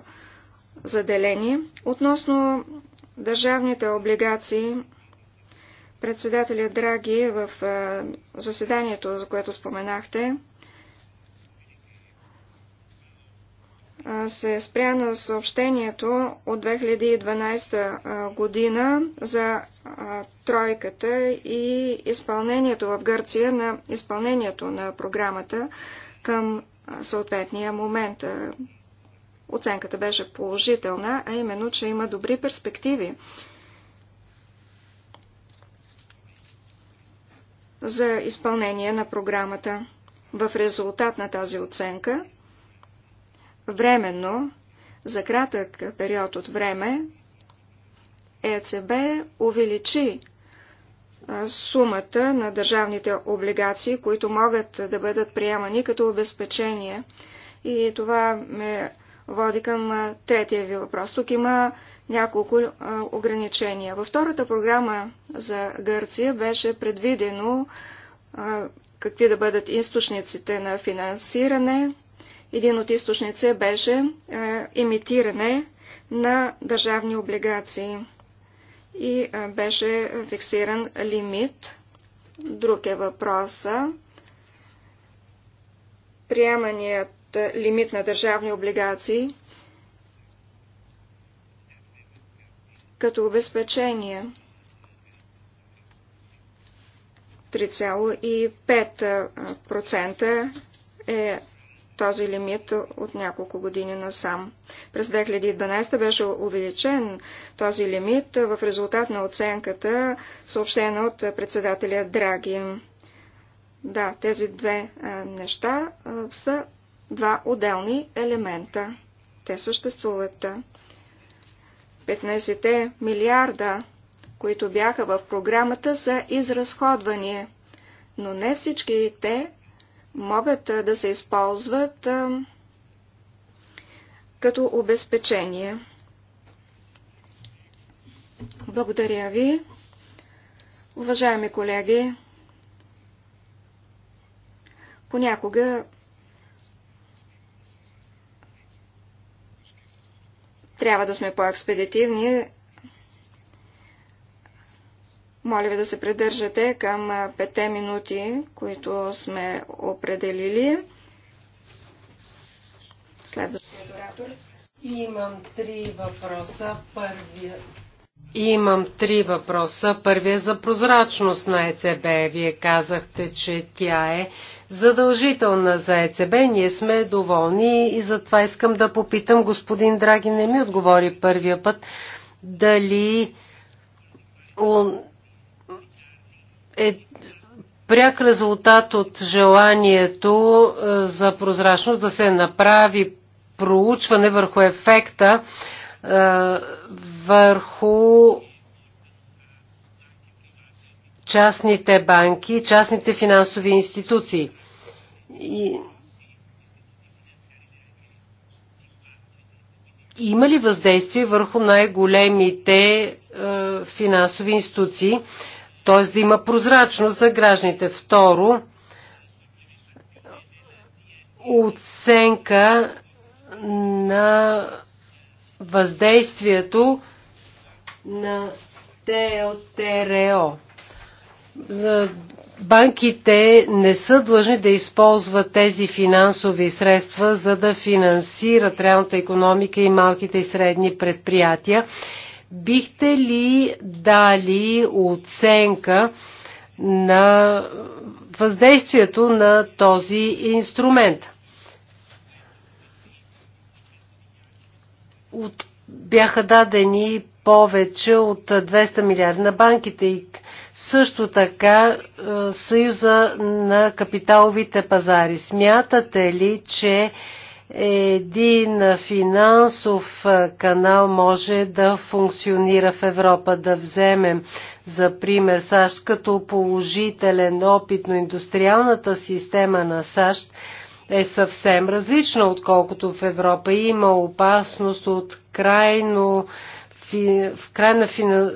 [SPEAKER 4] заделени. Относно държавните облигации, председателя Драги в заседанието, за което споменахте, се спря на съобщението от 2012 година за тройката и изпълнението в Гърция на изпълнението на програмата към съответния момент. Оценката беше положителна, а именно, че има добри перспективи за изпълнение на програмата. В резултат на тази оценка временно, за кратък период от време, ЕЦБ увеличи сумата на държавните облигации, които могат да бъдат приемани като обезпечение. И това ме води към третия ви въпрос. Тук има няколко ограничения. Във втората програма за Гърция беше предвидено какви да бъдат източниците на финансиране, един от източници беше е, имитиране на държавни облигации и е, беше фиксиран лимит. Друг е въпроса. Приеманият лимит на държавни облигации като обезпечение 3,5% е този лимит от няколко години насам. През 2012 беше увеличен този лимит в резултат на оценката, съобщена от председателя Драги. Да, тези две неща са два отделни елемента. Те съществуват. 15 милиарда, които бяха в програмата, са изразходвани, но не всички те могат да се използват като обезпечение. Благодаря ви. Уважаеми колеги, понякога трябва да сме по-експедитивни, моля ви да се придържате към пете минути, които сме определили. Следващият
[SPEAKER 3] оратор. Имам три въпроса. Първия. Имам три въпроса. Първият е за прозрачност на ЕЦБ. Вие казахте, че тя е задължителна за ЕЦБ. Ние сме доволни и затова искам да попитам. Господин Драги не ми отговори първия път дали е пряк резултат от желанието е, за прозрачност да се направи проучване върху ефекта е, върху частните банки, частните финансови институции. И... Има ли въздействие върху най-големите е, финансови институции? т.е. да има прозрачност за гражданите. Второ, оценка на въздействието на ТЛТРО. Банките не са длъжни да използват тези финансови средства, за да финансират реалната економика и малките и средни предприятия Бихте ли дали оценка на въздействието на този инструмент? От, бяха дадени повече от 200 милиарди на банките и също така е, Съюза на капиталовите пазари. Смятате ли, че един финансов канал може да функционира в Европа. Да вземем за пример САЩ като положителен опит, но индустриалната система на САЩ е съвсем различна, отколкото в Европа. Има опасност от крайно, в крайна,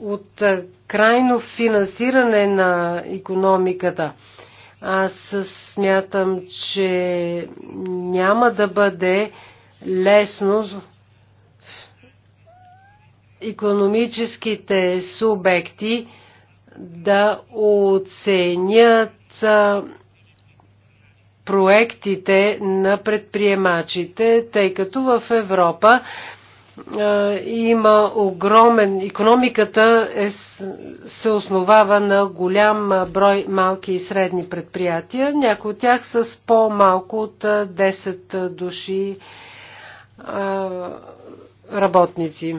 [SPEAKER 3] от крайно финансиране на економиката. Аз смятам, че няма да бъде лесно економическите субекти да оценят проектите на предприемачите, тъй като в Европа е, има огромен. Економиката е, се основава на голям брой малки и средни предприятия, някои от тях с по-малко от 10 е, е, души а, работници.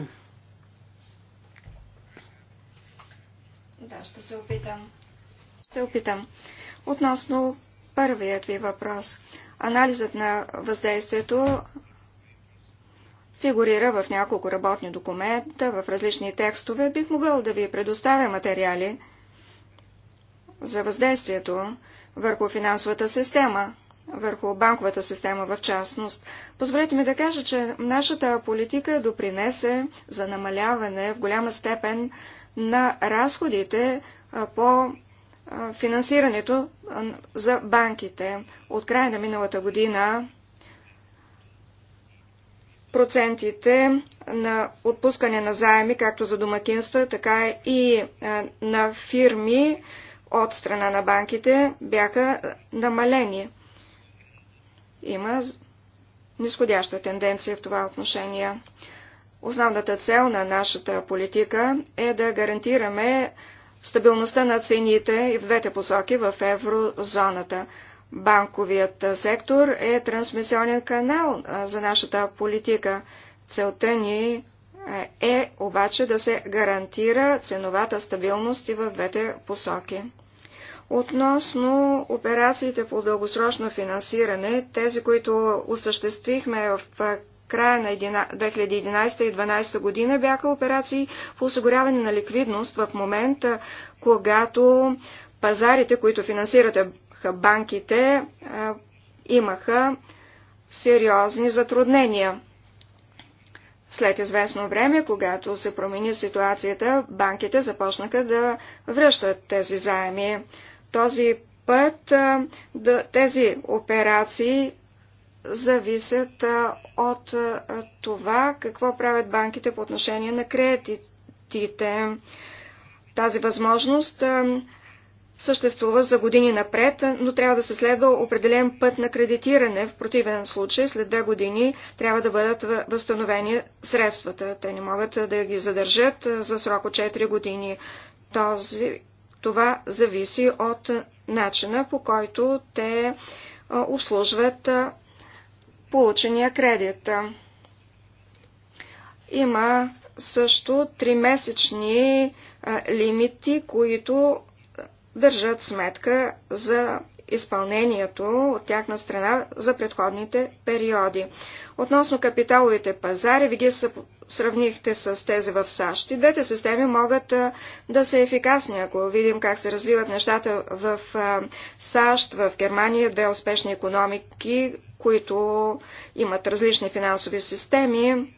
[SPEAKER 4] Да, ще се опитам. Ще опитам. Относно първият ви въпрос. Анализът на въздействието фигурира в няколко работни документа, в различни текстове. Бих могъл да ви предоставя материали за въздействието върху финансовата система, върху банковата система в частност. Позволете ми да кажа, че нашата политика допринесе за намаляване в голяма степен на разходите по финансирането за банките. От края на миналата година процентите на отпускане на заеми, както за домакинства, така и е, на фирми от страна на банките бяха е, намалени. Има нисходяща тенденция в това отношение. Основната цел на нашата политика е да гарантираме стабилността на цените и в двете посоки в еврозоната банковият сектор е трансмисионен канал за нашата политика. Целта ни е обаче да се гарантира ценовата стабилност и в двете посоки. Относно операциите по дългосрочно финансиране, тези, които осъществихме в края на 2011 и 2012 година, бяха операции по осигуряване на ликвидност в момента, когато пазарите, които финансирате, банките имаха сериозни затруднения. След известно време, когато се промени ситуацията, банките започнаха да връщат тези заеми. Този път да, тези операции зависят от това какво правят банките по отношение на кредитите. Тази възможност съществува за години напред, но трябва да се следва определен път на кредитиране. В противен случай, след две години трябва да бъдат възстановени средствата. Те не могат да ги задържат за срок от 4 години. Този, това зависи от начина по който те обслужват получения кредит. Има също тримесечни лимити, които държат сметка за изпълнението от тяхна страна за предходните периоди. Относно капиталовите пазари, ви ги сравнихте с тези в САЩ. И двете системи могат да са ефикасни, ако видим как се развиват нещата в САЩ, в Германия, две успешни економики, които имат различни финансови системи.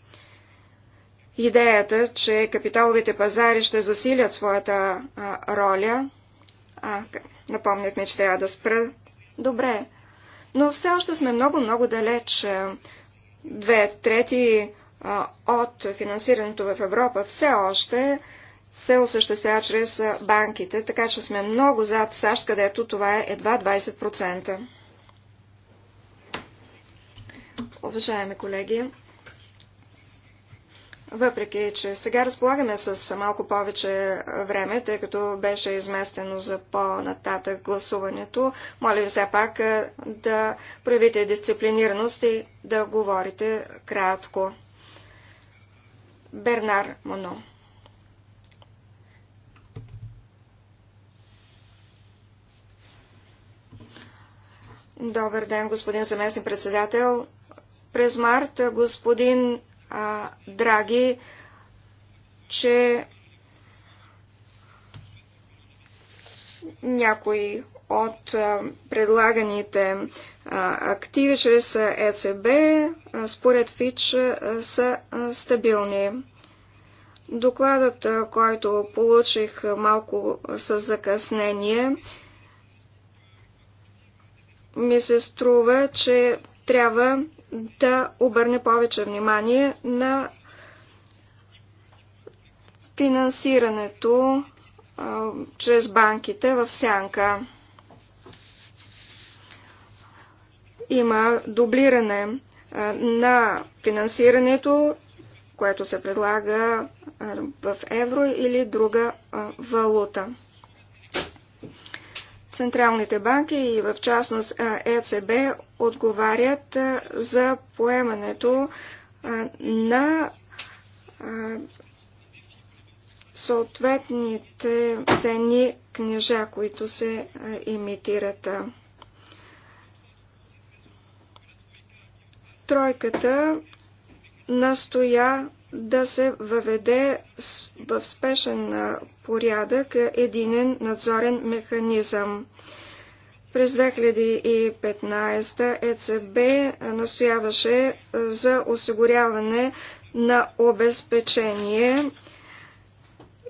[SPEAKER 4] Идеята, че капиталовите пазари ще засилят своята роля а, напомнят ми, че трябва да спра. Добре. Но все още сме много-много далеч. Две трети от финансирането в Европа все още се осъществява чрез банките, така че сме много зад САЩ, където това е едва 20%. Уважаеми колеги, въпреки, че сега разполагаме с малко повече време, тъй като беше изместено за по-нататък гласуването, моля ви все пак е, да проявите дисциплинираност и да говорите кратко. Бернар Моно. Добър ден, господин заместник председател. През март господин а, Драги, че някои от предлаганите активи чрез ЕЦБ според Фич са стабилни. Докладът, който получих малко с закъснение, ми се струва, че трябва да обърне повече внимание на финансирането а, чрез банките в сянка. Има дублиране а, на финансирането, което се предлага а, в евро или друга а, валута. Централните банки и в частност ЕЦБ отговарят за поемането на съответните цени книжа, които се имитират. Тройката настоя да се въведе в спешен порядък единен надзорен механизъм. През 2015 ЕЦБ настояваше за осигуряване на обезпечение.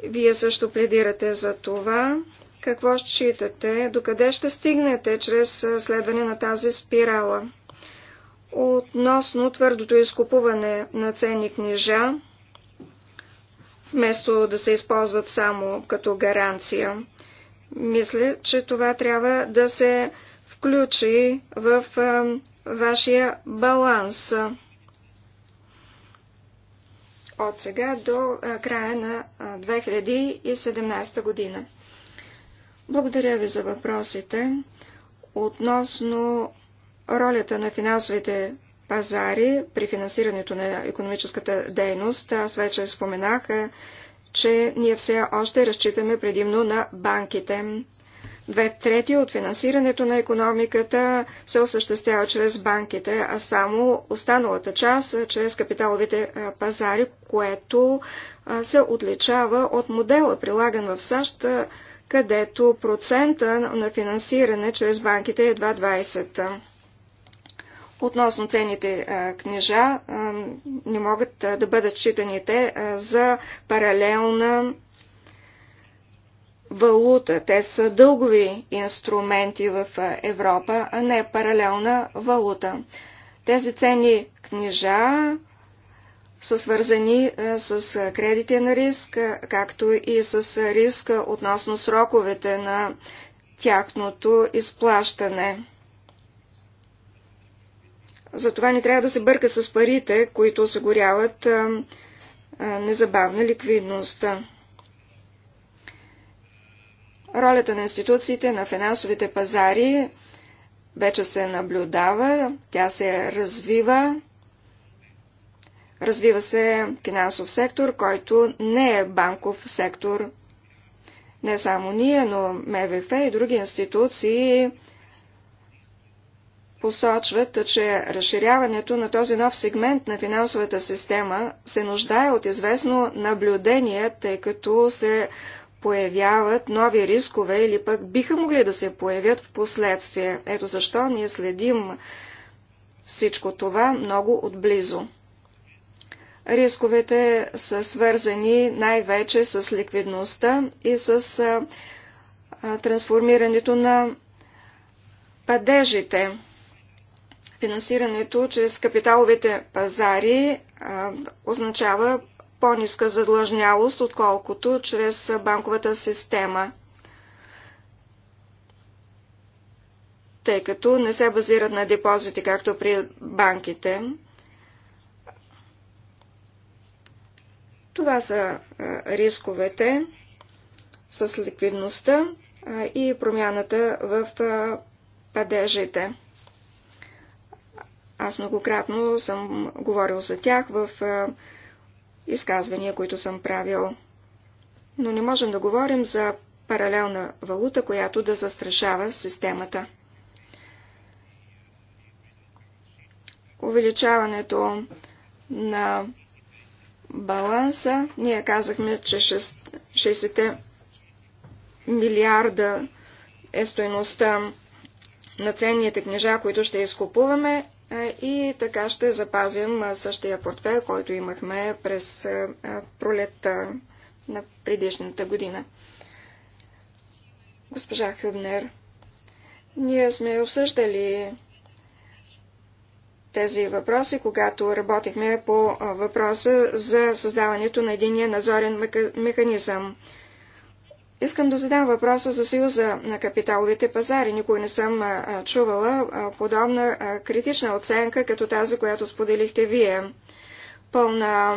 [SPEAKER 4] Вие също пледирате за това. Какво считате? Докъде ще стигнете чрез следване на тази спирала? относно твърдото изкупуване на ценни книжа, вместо да се използват само като гаранция. Мисля, че това трябва да се включи в вашия баланс от сега до края на 2017 година. Благодаря ви за въпросите относно ролята на финансовите пазари при финансирането на економическата дейност. Аз вече споменах, е, че ние все още разчитаме предимно на банките. Две трети от финансирането на економиката се осъществява чрез банките, а само останалата част е, чрез капиталовите е, пазари, което се отличава от модела, прилаган в САЩ, където процента на финансиране чрез банките е едва 20. Относно ценните книжа, не могат да бъдат считани те за паралелна валута. Те са дългови инструменти в Европа, а не паралелна валута. Тези ценни книжа са свързани с кредитен риск, както и с риска относно сроковете на тяхното изплащане. Затова не трябва да се бърка с парите, които осигуряват незабавна ликвидност. Ролята на институциите на финансовите пазари вече се наблюдава, тя се развива. Развива се финансов сектор, който не е банков сектор. Не само ние, но МВФ и други институции посочват, че разширяването на този нов сегмент на финансовата система се нуждае от известно наблюдение, тъй като се появяват нови рискове или пък биха могли да се появят в последствие. Ето защо ние следим всичко това много отблизо. Рисковете са свързани най-вече с ликвидността и с трансформирането на падежите. Финансирането чрез капиталовите пазари а, означава по-ниска задлъжнялост, отколкото чрез банковата система, тъй като не се базират на депозити, както при банките. Това са рисковете с ликвидността и промяната в падежите. Аз многократно съм говорил за тях в е, изказвания, които съм правил. Но не можем да говорим за паралелна валута, която да застрашава системата. Увеличаването на баланса, ние казахме, че 60 милиарда е стоеността на ценните книжа, които ще изкупуваме, е, и така ще запазим същия портфел, който имахме през пролетта на предишната година. Госпожа Хюбнер, ние сме обсъждали тези въпроси, когато работихме по въпроса за създаването на единия назорен механизъм. Искам да задам въпроса за Съюза на капиталовите пазари. Никой не съм чувала подобна критична оценка, като тази, която споделихте вие. Пълна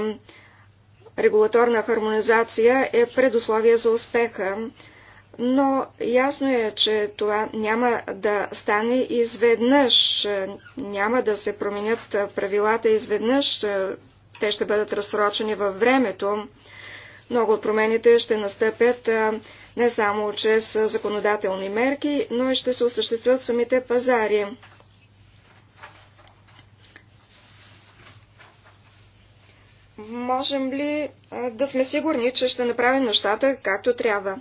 [SPEAKER 4] регулаторна хармонизация е предусловие за успеха, но ясно е, че това няма да стане изведнъж, няма да се променят правилата изведнъж, те ще бъдат разсрочени във времето. Много от промените ще настъпят не само чрез законодателни мерки, но и ще се осъществят самите пазари. Можем ли да сме сигурни, че ще направим нещата както трябва?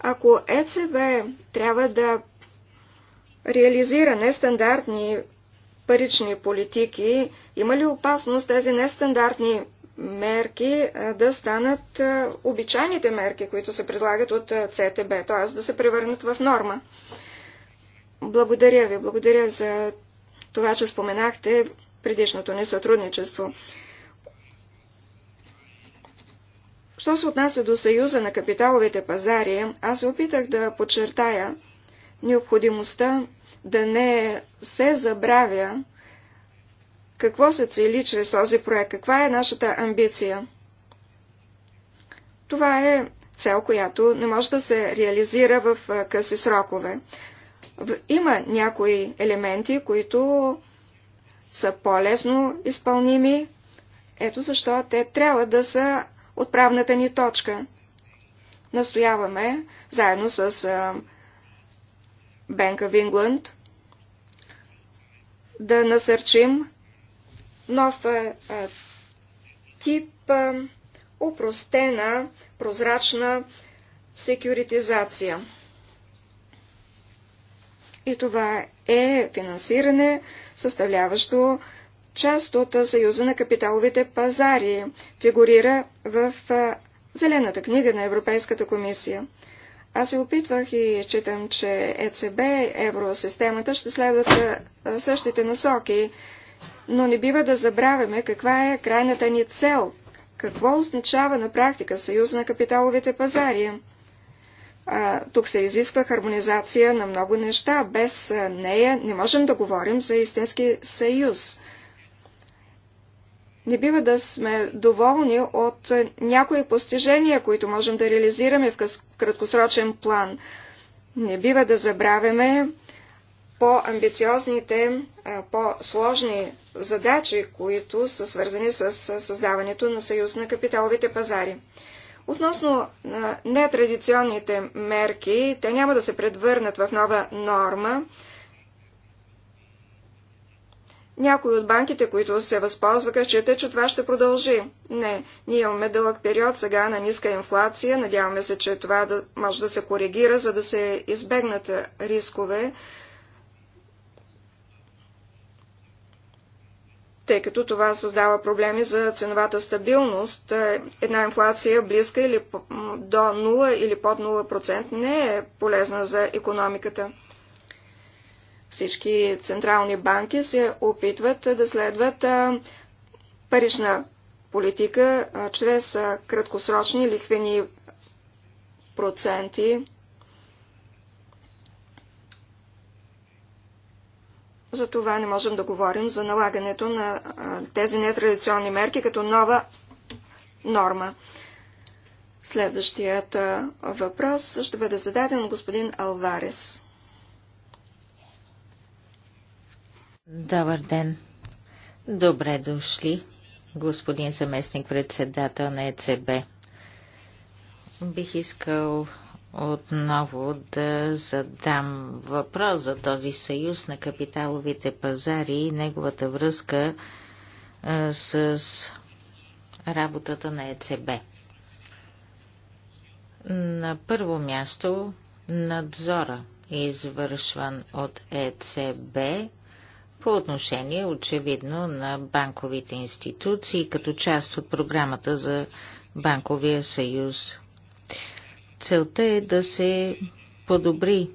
[SPEAKER 4] Ако ЕЦБ трябва да реализира нестандартни парични политики, има ли опасност тези нестандартни мерки да станат обичайните мерки, които се предлагат от ЦТБ, т.е. да се превърнат в норма. Благодаря ви, благодаря за това, че споменахте предишното ни сътрудничество. Що се отнася до Съюза на капиталовите пазари, аз се опитах да подчертая необходимостта да не се забравя какво се цели чрез този проект? Каква е нашата амбиция? Това е цел, която не може да се реализира в къси срокове. Има някои елементи, които са по-лесно изпълними. Ето защо те трябва да са отправната ни точка. Настояваме, заедно с Бенка в Ингланд, да насърчим нов тип упростена, прозрачна секюритизация. И това е финансиране, съставляващо част от Съюза на капиталовите пазари, фигурира в Зелената книга на Европейската комисия. Аз се опитвах и считам, че ЕЦБ, евросистемата ще следват същите насоки, но не бива да забравяме каква е крайната ни цел, какво означава на практика съюз на капиталовите пазари. А, тук се изисква хармонизация на много неща. Без нея не можем да говорим за истински съюз. Не бива да сме доволни от някои постижения, които можем да реализираме в краткосрочен план. Не бива да забравяме по-амбициозните, по-сложни задачи, които са свързани с създаването на съюз на капиталовите пазари. Относно нетрадиционните мерки, те няма да се предвърнат в нова норма. Някои от банките, които се възползваха, считат, че това ще продължи. Не, ние имаме дълъг период сега на ниска инфлация. Надяваме се, че това да, може да се коригира, за да се избегнат рискове тъй като това създава проблеми за ценовата стабилност. Е, една инфлация близка или до 0 или под 0% не е полезна за економиката. Всички централни банки се опитват да следват парична политика чрез краткосрочни лихвени проценти. Затова не можем да говорим за налагането на тези нетрадиционни мерки като нова норма. Следващият въпрос ще бъде зададен от господин Алварес.
[SPEAKER 2] Добър ден. Добре дошли, господин заместник председател на ЕЦБ. Бих искал отново да задам въпрос за този съюз на капиталовите пазари и неговата връзка а, с работата на ЕЦБ. На първо място надзора, извършван от ЕЦБ по отношение очевидно на банковите институции като част от програмата за Банковия съюз Целта е да се подобри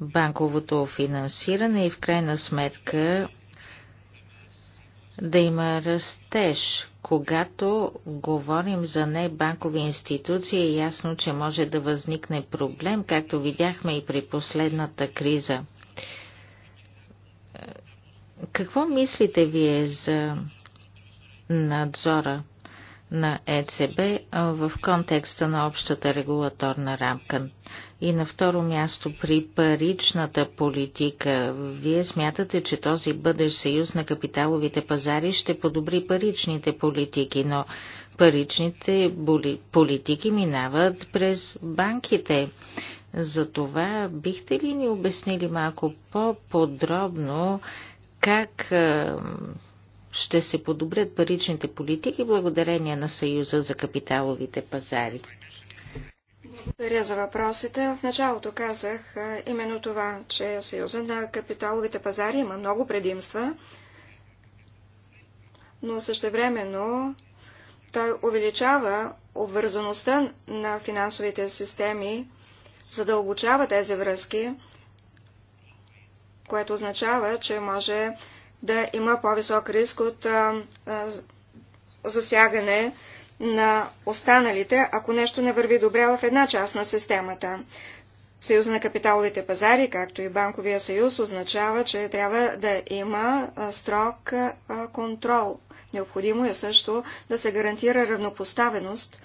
[SPEAKER 2] банковото финансиране и в крайна сметка да има растеж. Когато говорим за небанкови институции, е ясно, че може да възникне проблем, както видяхме и при последната криза. Какво мислите вие за надзора на ЕЦБ в контекста на общата регулаторна рамка. И на второ място при паричната политика. Вие смятате, че този бъдещ съюз на капиталовите пазари ще подобри паричните политики, но паричните политики минават през банките. За това бихте ли ни обяснили малко по-подробно как ще се подобрят паричните политики благодарение на Съюза за капиталовите пазари?
[SPEAKER 4] Благодаря за въпросите. В началото казах именно това, че Съюза на капиталовите пазари има много предимства, но същевременно той увеличава обвързаността на финансовите системи, задълбочава тези връзки, което означава, че може да има по-висок риск от а, а, засягане на останалите, ако нещо не върви добре в една част на системата. Съюза на капиталовите пазари, както и Банковия съюз, означава, че трябва да има строг контрол. Необходимо е също да се гарантира равнопоставеност,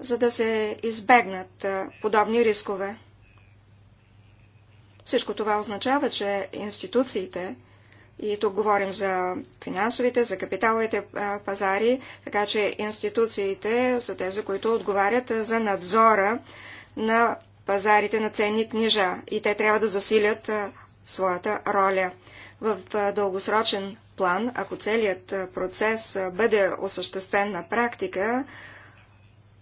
[SPEAKER 4] за да се избегнат подобни рискове. Всичко това означава, че институциите, и тук говорим за финансовите, за капиталовите пазари, така че институциите са тези, които отговарят за надзора на пазарите на ценни книжа и те трябва да засилят своята роля. В дългосрочен план, ако целият процес бъде осъществен на практика,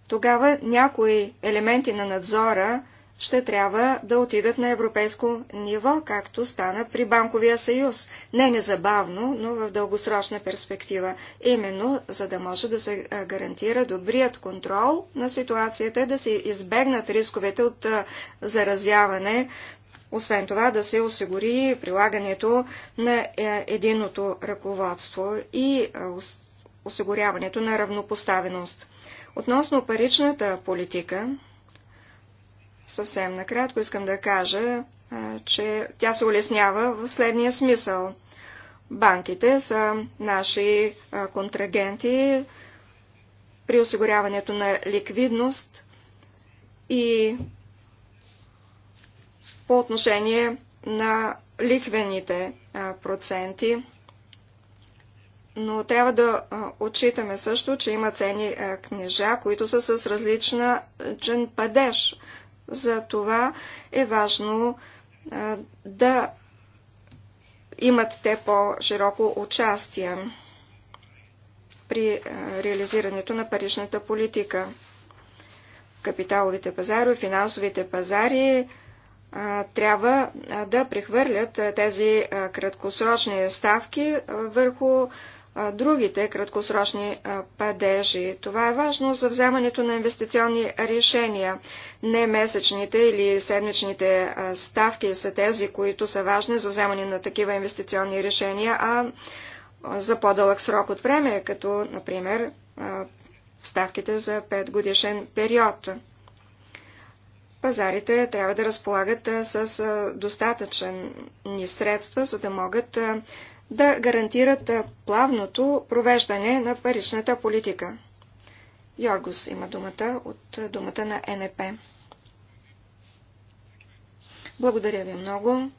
[SPEAKER 4] тогава някои елементи на надзора ще трябва да отидат на европейско ниво, както стана при Банковия съюз. Не незабавно, но в дългосрочна перспектива. Именно за да може да се гарантира добрият контрол на ситуацията, да се избегнат рисковете от заразяване, освен това да се осигури прилагането на е, единото ръководство и осигуряването на равнопоставеност. Относно паричната политика, Съвсем накратко искам да кажа, че тя се улеснява в следния смисъл. Банките са наши контрагенти при осигуряването на ликвидност и по отношение на лихвените проценти. Но трябва да отчитаме също, че има цени книжа, които са с различна джен падеж. За това е важно да имат те по-широко участие при реализирането на паричната политика. Капиталовите пазари, финансовите пазари трябва да прехвърлят тези краткосрочни ставки върху другите краткосрочни падежи. Това е важно за вземането на инвестиционни решения. Не месечните или седмичните ставки са тези, които са важни за вземане на такива инвестиционни решения, а за по-дълъг срок от време, като, например, ставките за 5 годишен период. Пазарите трябва да разполагат с достатъчни средства, за да могат да гарантират плавното провеждане на паричната политика. Йоргус има думата от думата на НЕП. Благодаря ви много.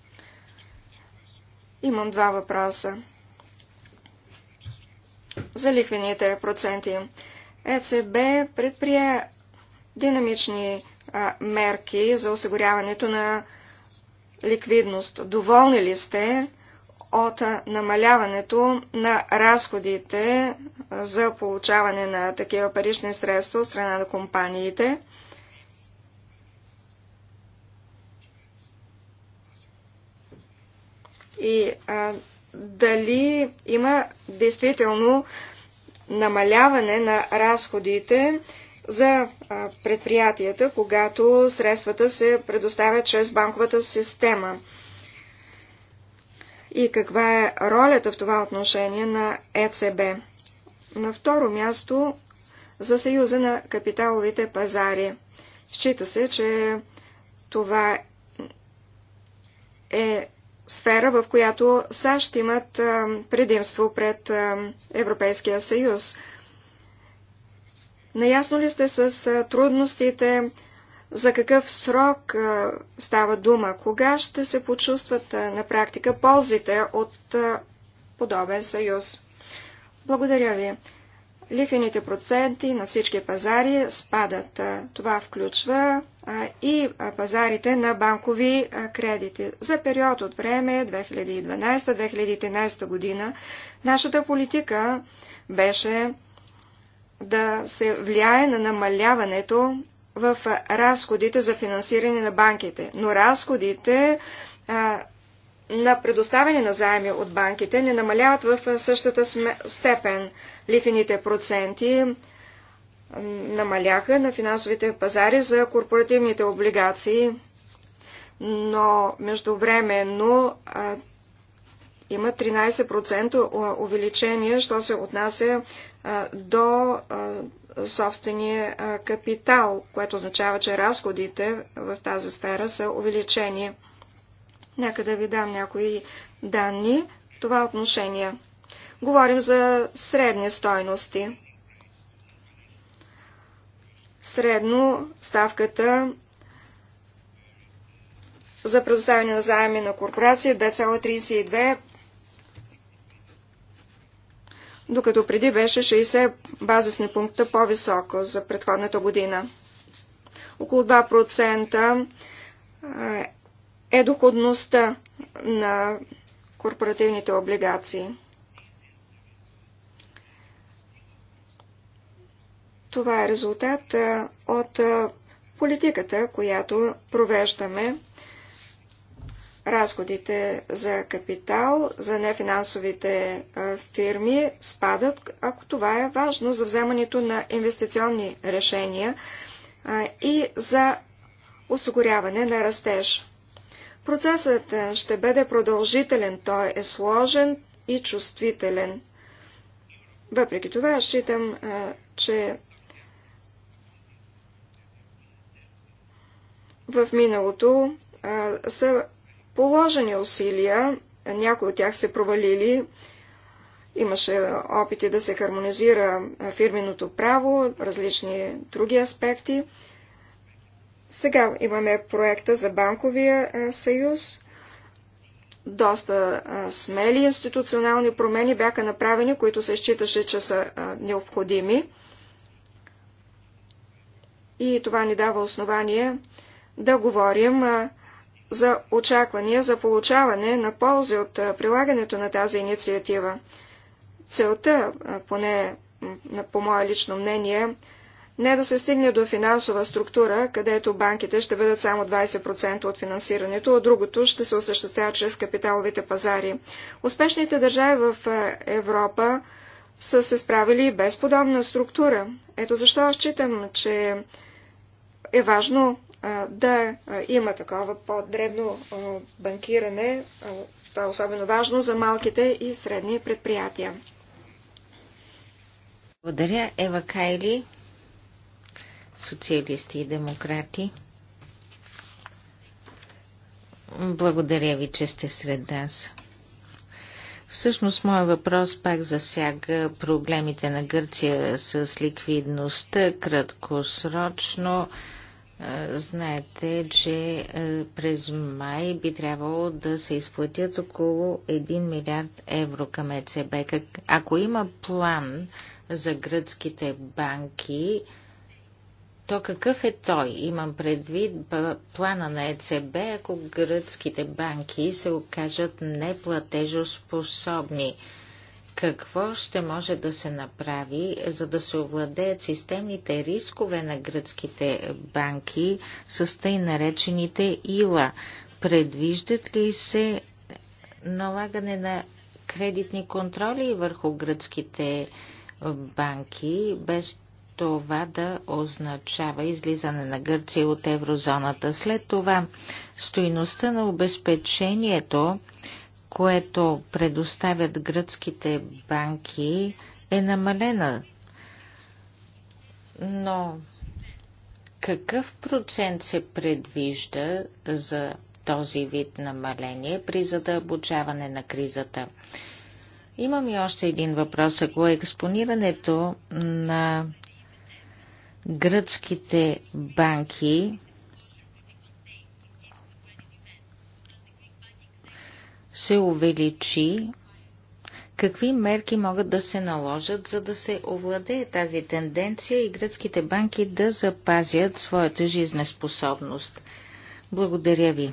[SPEAKER 4] Имам два въпроса. За лихвените проценти. ЕЦБ предприе динамични а, мерки за осигуряването на ликвидност. Доволни ли сте? от намаляването на разходите за получаване на такива парични средства от страна на компаниите. И а, дали има действително намаляване на разходите за предприятията, когато средствата се предоставят чрез банковата система и каква е ролята в това отношение на ЕЦБ. На второ място за Съюза на капиталовите пазари. Счита се, че това е сфера, в която САЩ имат предимство пред Европейския съюз. Наясно ли сте с трудностите, за какъв срок става дума, кога ще се почувстват на практика ползите от подобен съюз. Благодаря ви. Лихвените проценти на всички пазари спадат. Това включва и пазарите на банкови кредити. За период от време 2012-2013 година нашата политика беше да се влияе на намаляването в разходите за финансиране на банките. Но разходите на предоставяне на заеми от банките не намаляват в същата степен. Лихвените проценти намаляха на финансовите пазари за корпоративните облигации, но междувременно има 13% увеличение, що се отнася до а, собствения капитал, което означава, че разходите в тази сфера са увеличени. Нека да ви дам някои данни в това отношение. Говорим за средни стойности. Средно ставката за предоставяне на заеми на корпорации 2,32, е докато преди беше 60 базисни пункта по-високо за предходната година. Около 2% е, е доходността на корпоративните облигации. Това е резултат е, от е, политиката, която провеждаме разходите за капитал за нефинансовите фирми спадат, ако това е важно за вземането на инвестиционни решения и за осигуряване на растеж. Процесът ще бъде продължителен, той е сложен и чувствителен. Въпреки това, считам, че в миналото са положени усилия, някои от тях се провалили, имаше опити да се хармонизира фирменото право, различни други аспекти. Сега имаме проекта за банковия съюз. Доста смели институционални промени бяха направени, които се считаше, че са необходими. И това ни дава основание да говорим за очаквания за получаване на ползи от прилагането на тази инициатива. Целта, поне по мое лично мнение, не е да се стигне до финансова структура, където банките ще бъдат само 20% от финансирането, а другото ще се осъществява чрез капиталовите пазари. Успешните държави в Европа са се справили без подобна структура. Ето защо аз считам, че е важно да има такова по-дребно банкиране. Това е особено важно за малките и средни предприятия.
[SPEAKER 2] Благодаря, Ева Кайли, социалисти и демократи. Благодаря ви, че сте сред нас. Всъщност, моят въпрос пак засяга проблемите на Гърция с ликвидността, краткосрочно Знаете, че през май би трябвало да се изплатят около 1 милиард евро към ЕЦБ. Ако има план за гръцките банки, то какъв е той? Имам предвид плана на ЕЦБ, ако гръцките банки се окажат неплатежоспособни. способни какво ще може да се направи, за да се овладеят системните рискове на гръцките банки с тъй наречените ИЛА? Предвиждат ли се налагане на кредитни контроли върху гръцките банки, без това да означава излизане на Гърция от еврозоната. След това стоиността на обезпечението което предоставят гръцките банки, е намалена. Но какъв процент се предвижда за този вид намаление при задълбочаване на кризата? Имам и още един въпрос. Ако е експонирането на гръцките банки се увеличи, какви мерки могат да се наложат, за да се овладее тази тенденция и гръцките банки да запазят своята жизнеспособност? Благодаря ви.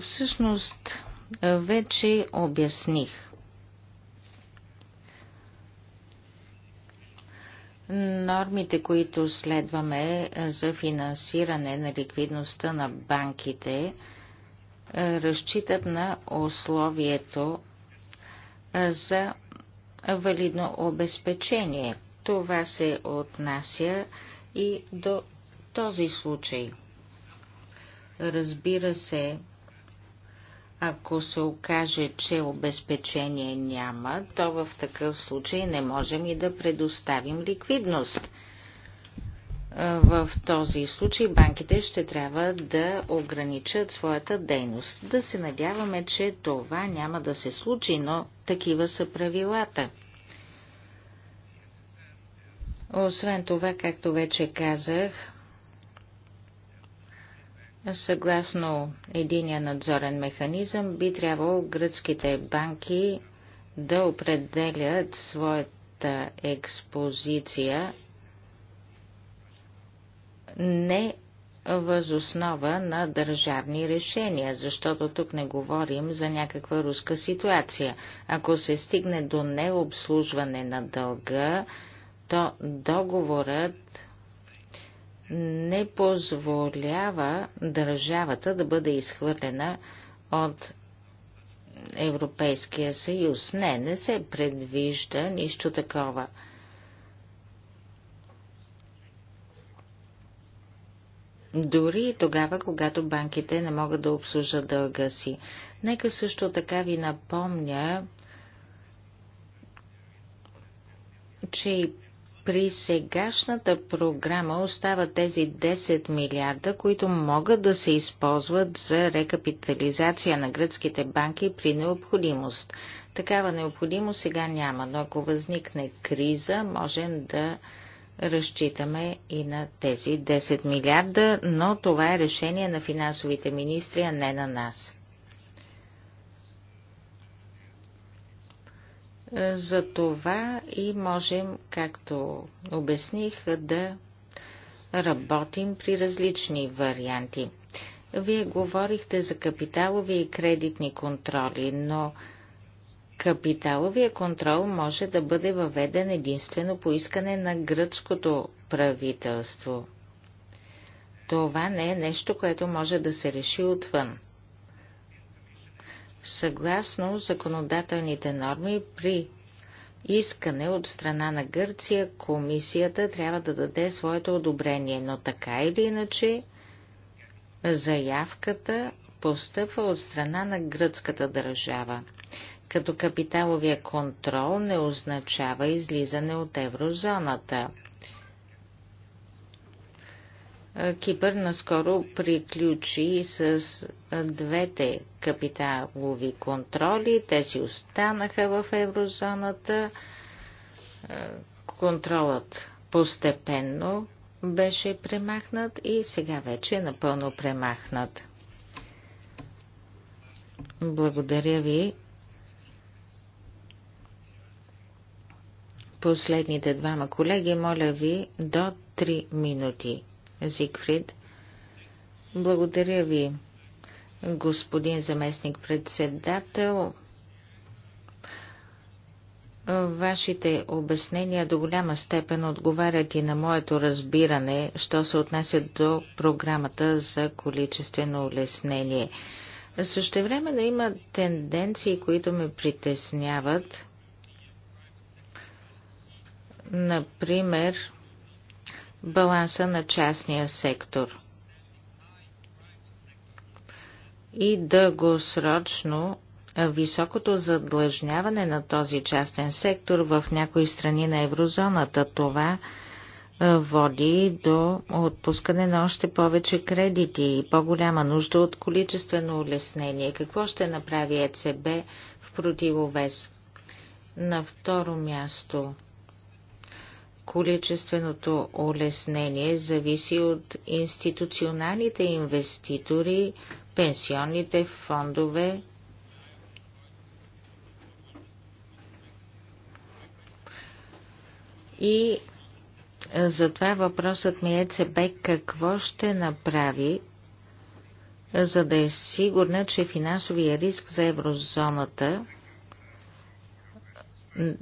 [SPEAKER 2] Всъщност, вече обясних. Нормите, които следваме за финансиране на ликвидността на банките, е, разчитат на условието е, за валидно обезпечение. Това се отнася и до този случай. Разбира се, ако се окаже, че обезпечение няма, то в такъв случай не можем и да предоставим ликвидност. В този случай банките ще трябва да ограничат своята дейност. Да се надяваме, че това няма да се случи, но такива са правилата. Освен това, както вече казах, съгласно единия надзорен механизъм, би трябвало гръцките банки да определят своята експозиция не възоснова на държавни решения, защото тук не говорим за някаква руска ситуация. Ако се стигне до необслужване на дълга, то договорът не позволява държавата да бъде изхвърлена от Европейския съюз. Не, не се предвижда нищо такова. дори и тогава, когато банките не могат да обслужат дълга си. Нека също така ви напомня, че и при сегашната програма остават тези 10 милиарда, които могат да се използват за рекапитализация на гръцките банки при необходимост. Такава необходимост сега няма, но ако възникне криза, можем да разчитаме и на тези 10 милиарда, но това е решение на финансовите министри, а не на нас. За това и можем, както обясних, да работим при различни варианти. Вие говорихте за капиталови и кредитни контроли, но Капиталовия контрол може да бъде въведен единствено по искане на гръцкото правителство. Това не е нещо, което може да се реши отвън. Съгласно законодателните норми, при искане от страна на Гърция, комисията трябва да даде своето одобрение, но така или иначе заявката постъпва от страна на гръцката държава като капиталовия контрол не означава излизане от еврозоната. Кипър наскоро приключи с двете капиталови контроли. Те си останаха в еврозоната. Контролът постепенно беше премахнат и сега вече е напълно премахнат. Благодаря ви. последните двама колеги. Моля ви до 3 минути. Зигфрид. Благодаря ви, господин заместник председател. Вашите обяснения до голяма степен отговарят и на моето разбиране, що се отнася до програмата за количествено улеснение. да има тенденции, които ме притесняват. Например, баланса на частния сектор и дългосрочно високото задлъжняване на този частен сектор в някои страни на еврозоната. Това води до отпускане на още повече кредити и по-голяма нужда от количествено улеснение. Какво ще направи ЕЦБ в противовес? На второ място – количественото улеснение зависи от институционалните инвеститори, пенсионните фондове. И затова въпросът ми е ЦБ какво ще направи, за да е сигурна, че финансовия риск за еврозоната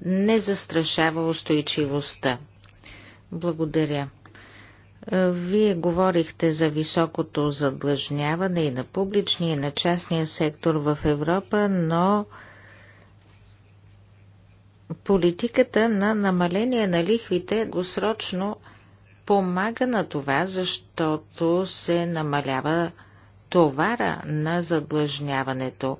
[SPEAKER 2] не застрашава устойчивостта. Благодаря. Е, вие говорихте за високото задлъжняване и на публичния, и на частния сектор в Европа, но политиката на намаление на лихвите госрочно помага на това, защото се намалява товара на задлъжняването.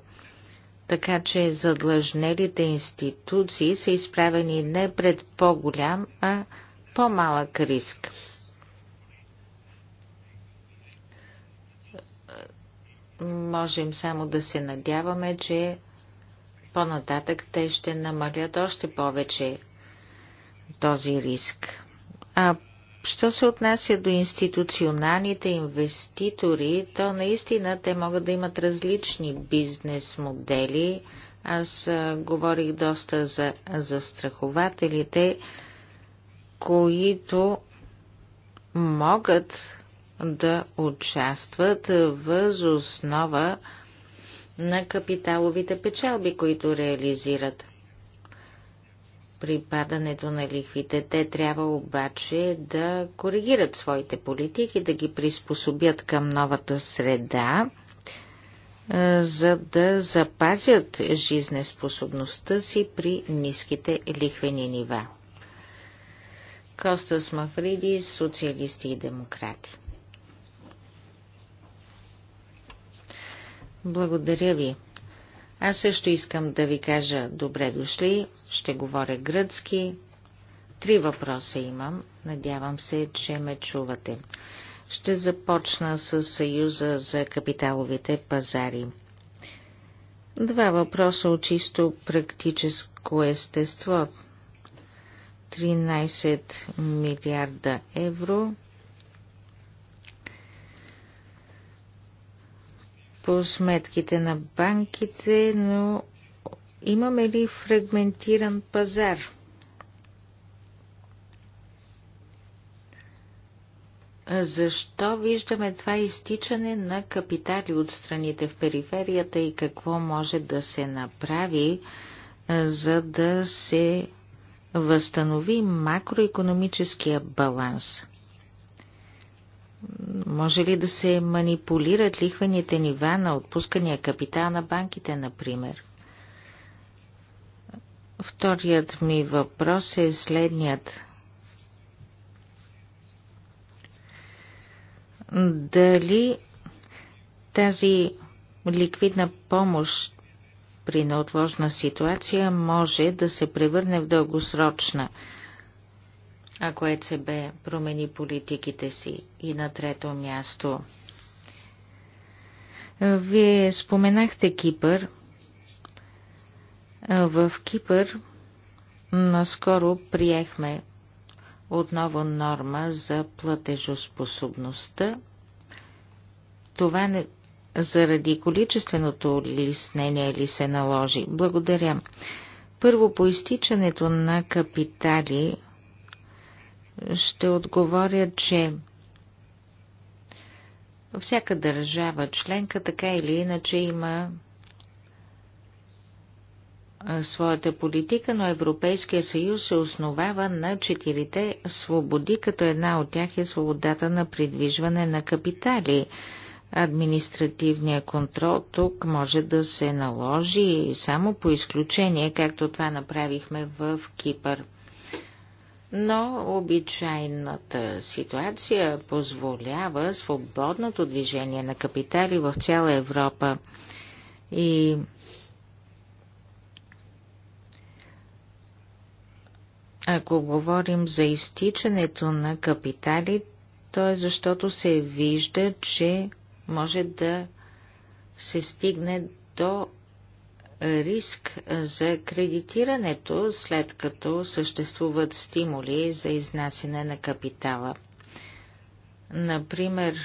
[SPEAKER 2] Така че задлъжнелите институции са изправени не пред по-голям, а по-малък риск. Можем само да се надяваме, че по-нататък те ще намалят още повече този риск. А що се отнася до институционалните инвеститори, то наистина те могат да имат различни бизнес модели. Аз говорих доста за застрахователите които могат да участват въз основа на капиталовите печалби, които реализират. При падането на лихвите те трябва обаче да коригират своите политики, да ги приспособят към новата среда, е, за да запазят жизнеспособността си при ниските лихвени нива. Костас Мафриди, социалисти и демократи. Благодаря ви. Аз също искам да ви кажа добре дошли, ще говоря гръцки. Три въпроса имам, надявам се, че ме чувате. Ще започна с Съюза за капиталовите пазари. Два въпроса от чисто практическо естество. 13 милиарда евро. по сметките на банките, но имаме ли фрагментиран пазар? Защо виждаме това изтичане на капитали от страните в периферията и какво може да се направи, за да се възстанови макроекономическия баланс. Може ли да се манипулират лихвените нива на отпускания капитал на банките, например? Вторият ми въпрос е следният. Дали тази ликвидна помощ при неотложна ситуация може да се превърне в дългосрочна, ако ЕЦБ промени политиките си. И на трето място. Вие споменахте Кипър. В Кипър наскоро приехме отново норма за платежоспособността. Това не, заради количественото лиснение ли се наложи? Благодаря. Първо, по изтичането на капитали ще отговоря, че всяка държава членка така или иначе има своята политика, но Европейския съюз се основава на четирите свободи, като една от тях е свободата на придвижване на капитали – административния контрол тук може да се наложи само по изключение, както това направихме в Кипър. Но обичайната ситуация позволява свободното движение на капитали в цяла Европа и Ако говорим за изтичането на капитали, то е защото се вижда, че може да се стигне до риск за кредитирането, след като съществуват стимули за изнасяне на капитала. Например,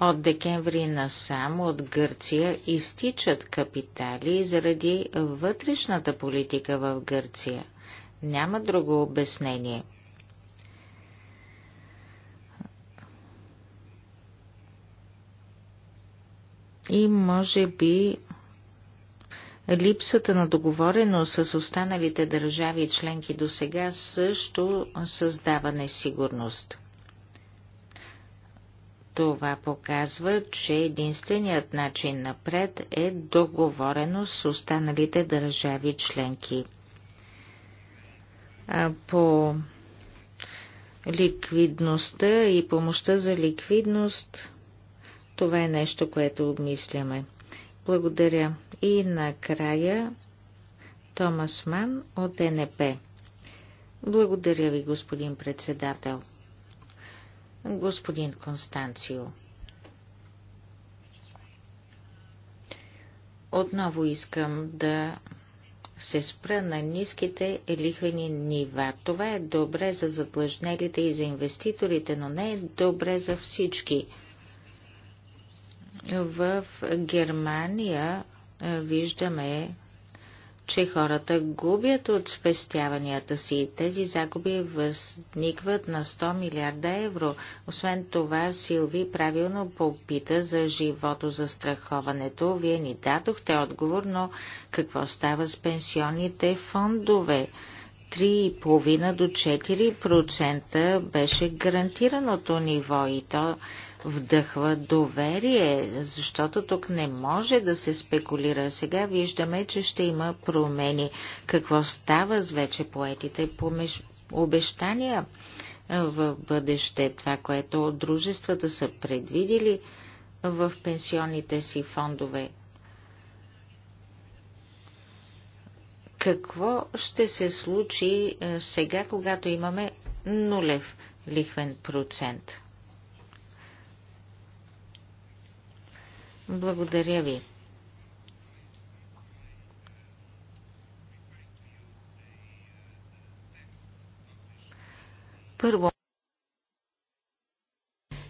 [SPEAKER 2] от декември насам от Гърция изтичат капитали заради вътрешната политика в Гърция. Няма друго обяснение – и може би липсата на договореност с останалите държави и членки до сега също създава несигурност. Това показва, че единственият начин напред е договореност с останалите държави членки. А по ликвидността и помощта за ликвидност това е нещо, което обмисляме. Благодаря. И накрая Томас Ман от НП. Благодаря ви, господин председател. Господин Констанцио. Отново искам да се спра на ниските лихвени нива. Това е добре за задлъжнелите и за инвеститорите, но не е добре за всички. В Германия е, виждаме, че хората губят от спестяванията си. Тези загуби възникват на 100 милиарда евро. Освен това, Силви правилно попита за живото за страховането. Вие ни дадохте отговор, но какво става с пенсионните фондове? 3,5 до 4% беше гарантираното ниво и то вдъхва доверие, защото тук не може да се спекулира. Сега виждаме, че ще има промени. Какво става с вече поетите помеш... обещания в бъдеще? Това, което дружествата са предвидили в пенсионните си фондове. Какво ще се случи е, сега, когато имаме нулев лихвен процент? Благодаря ви. Първо,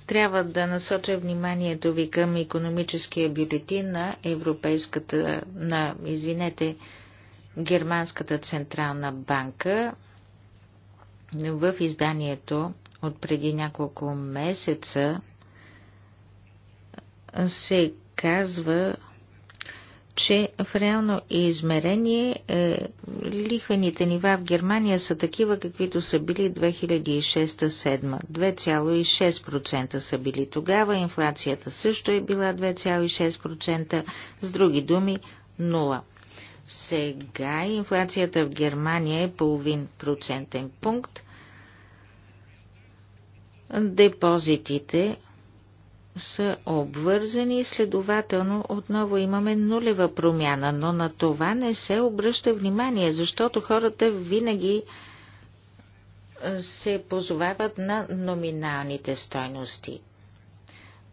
[SPEAKER 2] трябва да насоча вниманието ви към економическия бюлетин на Европейската, на, извинете, Германската централна банка в изданието от преди няколко месеца се Казва, че в реално измерение е, лихвените нива в Германия са такива, каквито са били 2006-2007. 2,6% са били тогава, инфлацията също е била 2,6%, с други думи 0. Сега инфлацията в Германия е половин процентен пункт. Депозитите са обвързани, и следователно отново имаме нулева промяна, но на това не се обръща внимание, защото хората винаги се позовават на номиналните стойности.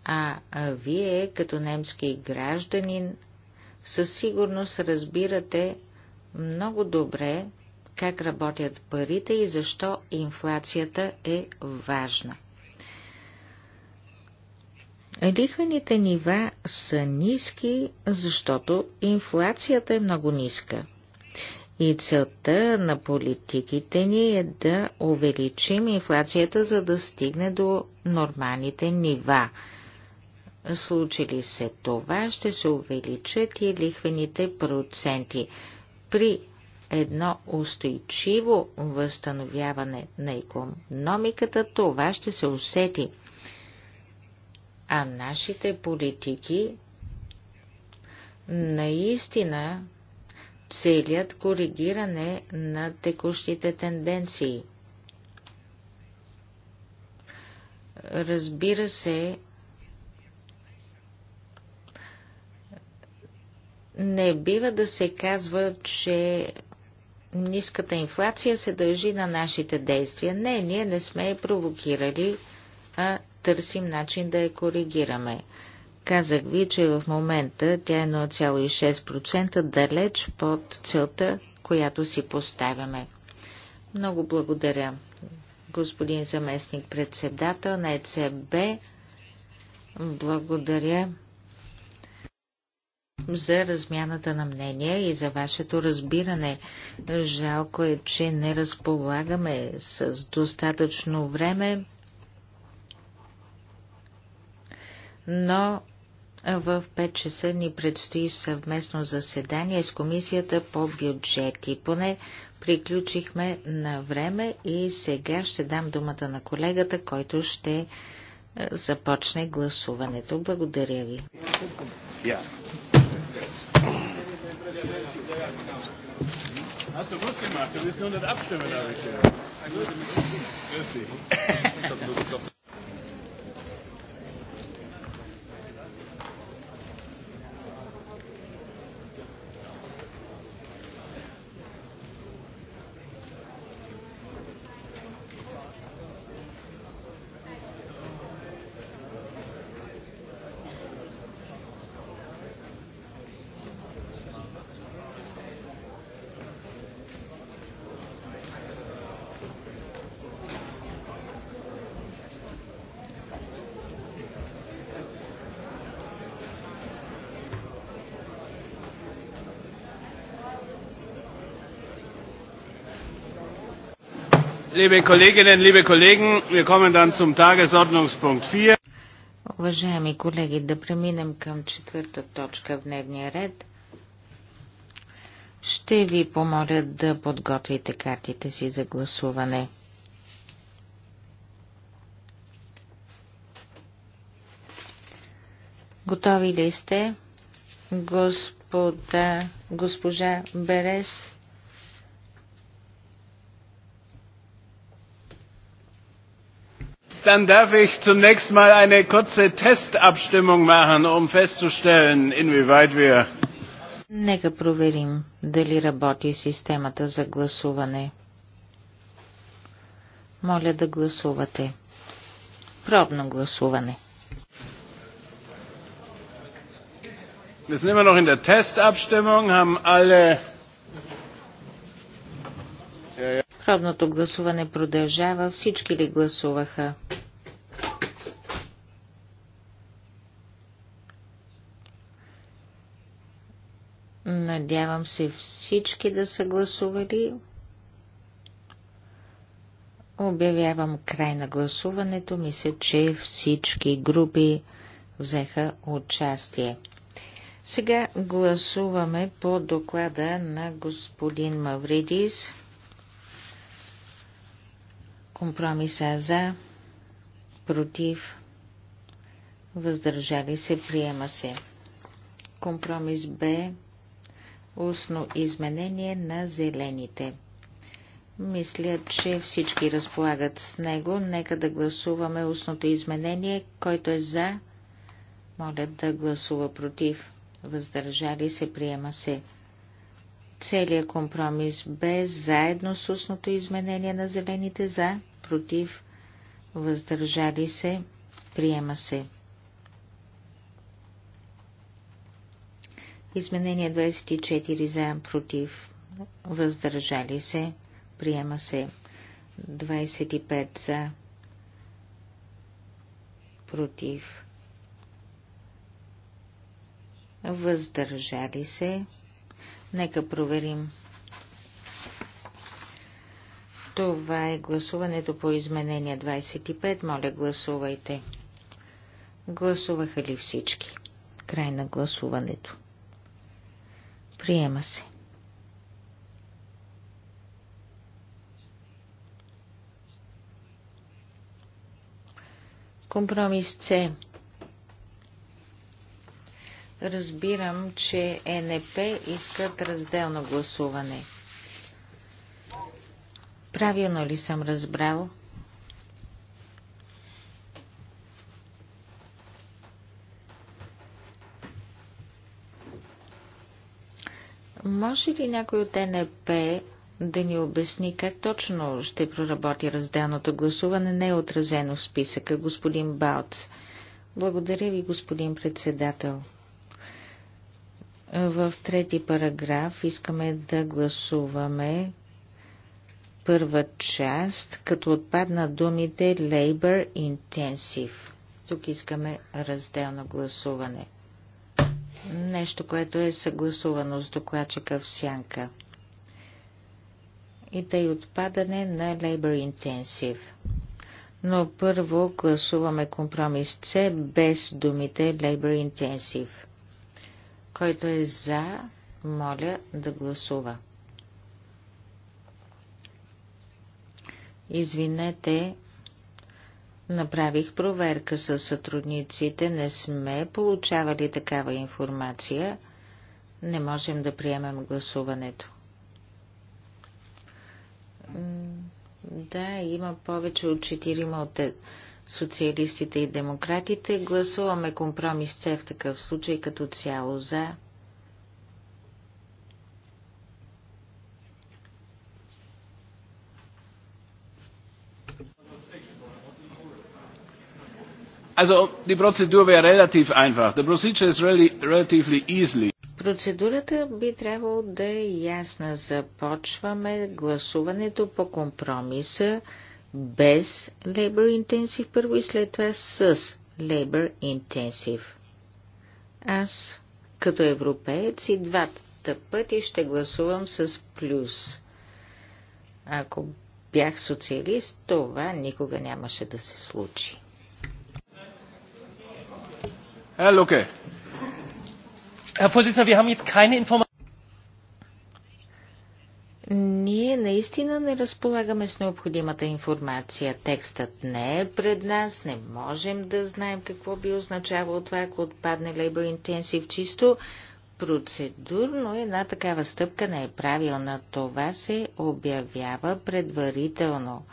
[SPEAKER 2] А вие, като немски гражданин, със сигурност разбирате много добре как работят парите и защо инфлацията е важна. Лихвените нива са ниски, защото инфлацията е много ниска. И целта на политиките ни е да увеличим инфлацията, за да стигне до нормалните нива. Случили се това, ще се увеличат и лихвените проценти. При едно устойчиво възстановяване на економиката това ще се усети – а нашите политики наистина целят коригиране на текущите тенденции. Разбира се, не бива да се казва, че ниската инфлация се дължи на нашите действия. Не, ние не сме провокирали, а търсим начин да я коригираме. Казах ви, че в момента тя е 0,6% далеч под целта, която си поставяме. Много благодаря, господин заместник председател на ЕЦБ. Благодаря за размяната на мнения и за вашето разбиране. Жалко е, че не разполагаме с достатъчно време. но в 5 часа ни предстои съвместно заседание с Комисията по бюджети. Поне приключихме на време и сега ще дам думата на колегата, който ще започне гласуването. Благодаря ви.
[SPEAKER 1] Yeah. Liebe Kolleginnen, liebe Kollegen, wir kommen dann zum Tagesordnungspunkt 4.
[SPEAKER 2] Уважаеми колеги, да преминем към четвърта точка в дневния ред. Ще ви помоля да подготвите картите си за гласуване. Готови ли сте? Господа, госпожа Берес
[SPEAKER 1] Dann darf ich zunächst mal eine kurze Testabstimmung machen,
[SPEAKER 2] um festzustellen, inwieweit wir. Нека проверим дали работи системата за гласуване. Моля да гласувате. Пробно гласуване. Wir sind immer noch in der Testabstimmung, haben alle Пробното гласуване продължава. Всички ли гласуваха? Надявам се всички да са гласували. Обявявам край на гласуването. Мисля, че всички групи взеха участие. Сега гласуваме по доклада на господин Мавридис. Компромиса за, против, въздържали се, приема се. Компромис Б устно изменение на зелените. Мисля, че всички разполагат с него. Нека да гласуваме устното изменение. Който е за, моля да гласува против. Въздържали се, приема се целият компромис Б заедно с устното изменение на зелените за, против, въздържали се, приема се. Изменение 24 за, против, въздържали се, приема се. 25 за, против, въздържали се, Нека проверим. Това е гласуването по изменение 25. Моля, гласувайте. Гласуваха ли всички? Край на гласуването. Приема се. Компромис С. Разбирам, че ЕНП искат разделно гласуване. Правилно ли съм разбрал? Може ли някой от НП да ни обясни как точно ще проработи разделното гласуване, не е отразено в списъка, господин Балц? Благодаря ви, господин председател. В трети параграф искаме да гласуваме първа част, като отпаднат думите Labor Intensive. Тук искаме разделно гласуване. Нещо, което е съгласувано с докладчика в сянка. И да и отпадане на Labor Intensive. Но първо гласуваме компромис С без думите Labor Intensive. Който е за, моля да гласува. Извинете, направих проверка с сътрудниците, не сме получавали такава информация. Не можем да приемем гласуването. Да, има повече от 4 от социалистите и демократите. Гласуваме компромис С в такъв случай като цяло за.
[SPEAKER 1] Also, die Prozedur wäre relativ einfach. The procedure is really, relatively easily.
[SPEAKER 2] Процедурата би трябвало да е ясна. Започваме гласуването по компромиса без Labor Intensive първо и след това с Labor Intensive. Аз като европеец и двата пъти ще гласувам с плюс. Ако бях социалист, това никога нямаше да се случи. Е, Луке. Herr Vorsitzender, wir haben jetzt keine Informationen. ние наистина не разполагаме с необходимата информация. Текстът не е пред нас, не можем да знаем какво би означавало това, ако отпадне Labor Intensive чисто процедурно. Една такава стъпка не е правилна. Това се обявява предварително.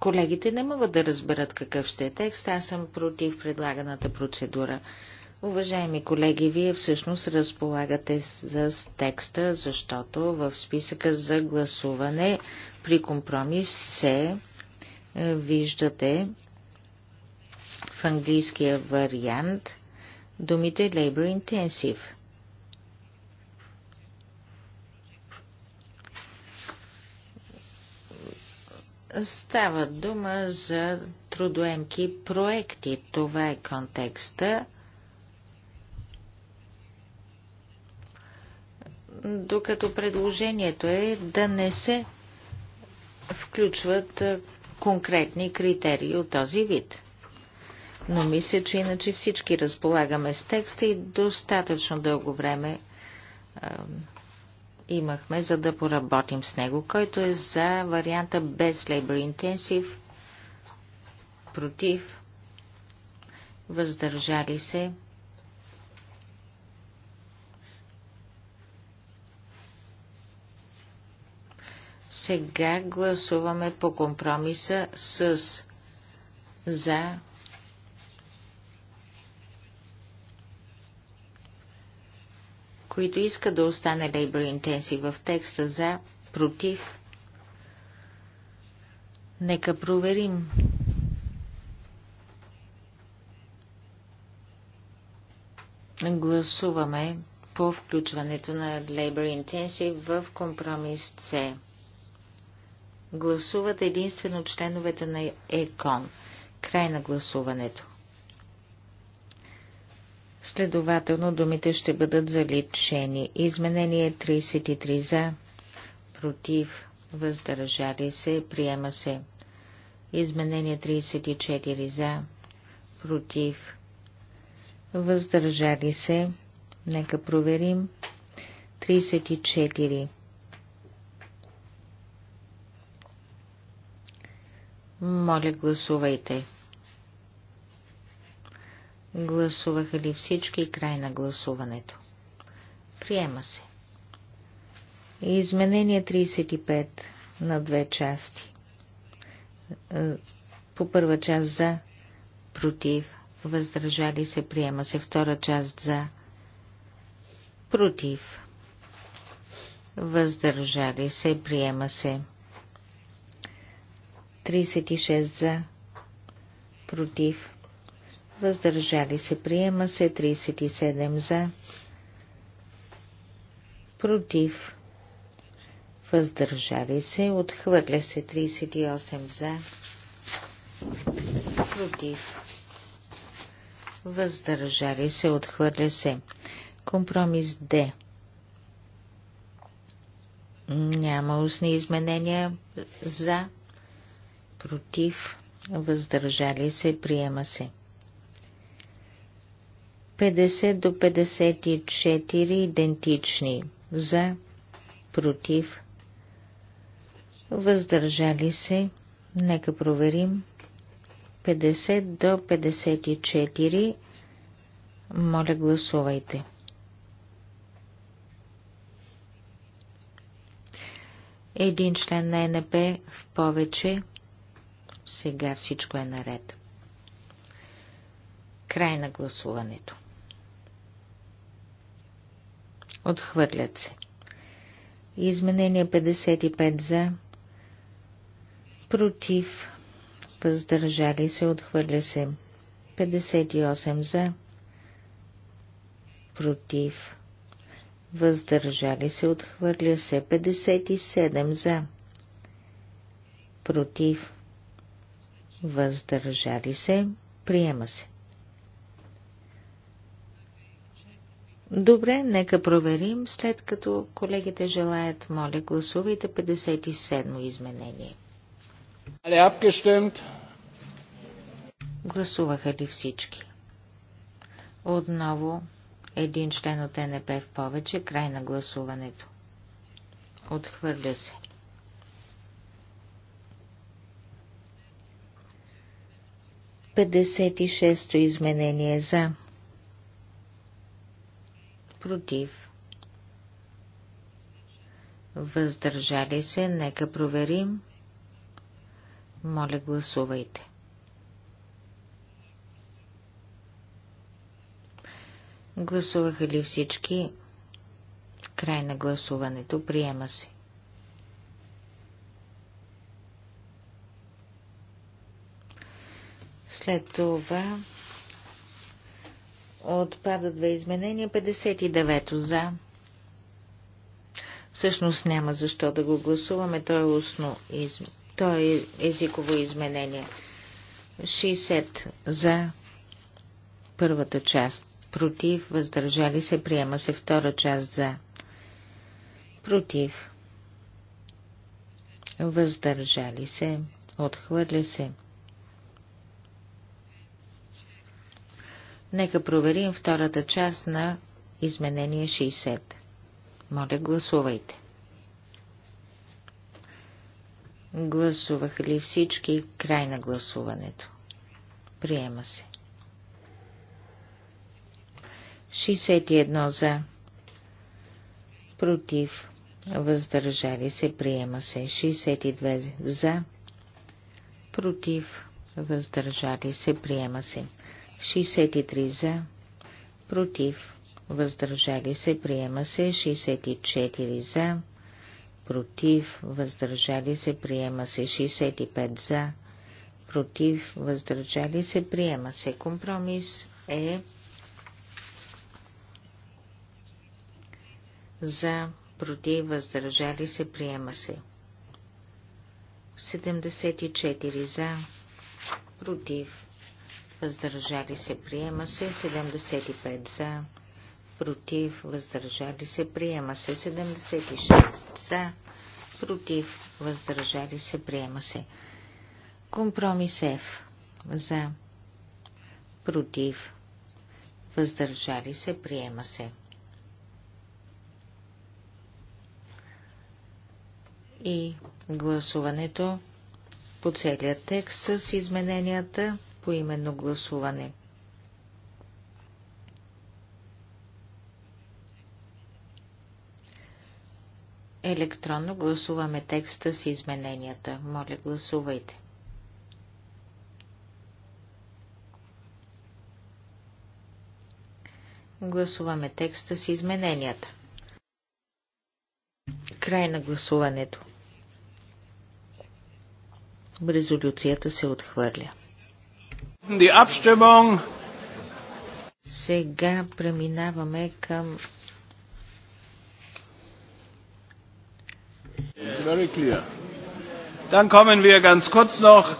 [SPEAKER 2] Колегите не могат да разберат какъв ще е текст. Аз съм против предлаганата процедура. Уважаеми колеги, вие всъщност разполагате с текста, защото в списъка за гласуване при компромис С е, виждате в английския вариант думите Labor Intensive. Става дума за трудоемки проекти. Това е контекста. докато предложението е да не се включват конкретни критерии от този вид. Но мисля, че иначе всички разполагаме с текста и достатъчно дълго време имахме, за да поработим с него, който е за варианта без Labor Intensive, против, въздържали се, Сега гласуваме по компромиса с за които иска да остане Labor Intensive в текста за против. Нека проверим. Гласуваме по включването на Labor Intensive в компромис C. Гласуват единствено членовете на ЕКОН. Край на гласуването. Следователно думите ще бъдат заличени. Изменение 33 за, против, въздържали се, приема се. Изменение 34 за, против, въздържали се. Нека проверим. 34. Моля, гласувайте. Гласуваха ли всички край на гласуването? Приема се. Изменение 35 на две части. По първа част за, против, въздържали се, приема се. Втора част за, против, въздържали се, приема се. 36 за, против, въздържали се, приема се 37 за, против, въздържали се, отхвърля се 38 за, против, въздържали се, отхвърля се. Компромис Д. Няма устни изменения за, против, въздържали се, приема се. 50 до 54 идентични за, против, въздържали се, нека проверим. 50 до 54, моля гласувайте. Един член на НП в повече. Сега всичко е наред. Край на гласуването. Отхвърлят се. Изменение 55 за. Против. Въздържали се. Отхвърля се. 58 за. Против. Въздържали се. Отхвърля се. 57 за. Против въздържали се, приема се. Добре, нека проверим, след като колегите желаят, моля, гласувайте 57 мо изменение. Гласуваха ли всички? Отново един член от НП в повече, край на гласуването. Отхвърля се. 56-то изменение за. Против. Въздържали се, нека проверим. Моля, гласувайте. Гласуваха ли всички? Край на гласуването приема се. След това отпадат две изменения. 59-то за. Всъщност няма защо да го гласуваме. То е, устно, из... то е езиково изменение. 60 за първата част. Против, въздържали се, приема се втора част за. Против. Въздържали се, отхвърля се. Нека проверим втората част на изменение 60. Моля, гласувайте. Гласуваха ли всички край на гласуването? Приема се. 61 за. Против. Въздържали се. Приема се. 62 за. Против. Въздържали се. Приема се. 63 за, против, въздържали се, приема се 64 за, против, въздържали се, приема се 65 за, против, въздържали се, приема се. Компромис е за, против, въздържали се, приема се. 74 за, против, въздържали се, приема се 75 за, против, въздържали се, приема се 76 за, против, въздържали се, приема се. Компромис F за, против, въздържали се, приема се. И гласуването по целия текст с измененията по именно гласуване. Електронно гласуваме текста с измененията. Моля, гласувайте. Гласуваме текста с измененията. Край на гласуването. Резолюцията се отхвърля. Сега преминаваме към Dann kommen wir ganz kurz noch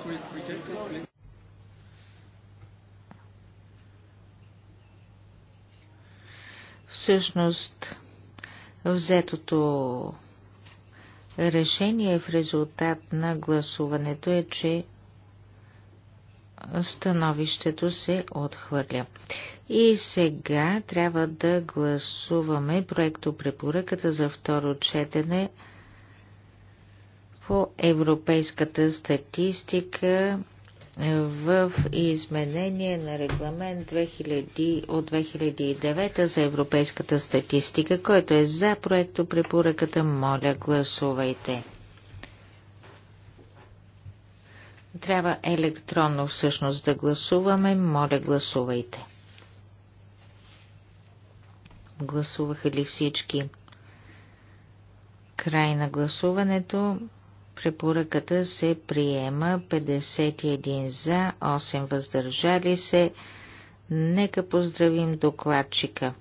[SPEAKER 2] Всъщност, взетото решение в резултат на гласуването е, че становището се отхвърля. И сега трябва да гласуваме проекто препоръката за второ четене по европейската статистика в изменение на регламент 2000 от 2009 за европейската статистика, който е за проекто препоръката, моля гласувайте. Трябва електронно всъщност да гласуваме. Моля, гласувайте. Гласуваха ли всички? Край на гласуването. Препоръката се приема 51 за, 8 въздържали се. Нека поздравим докладчика.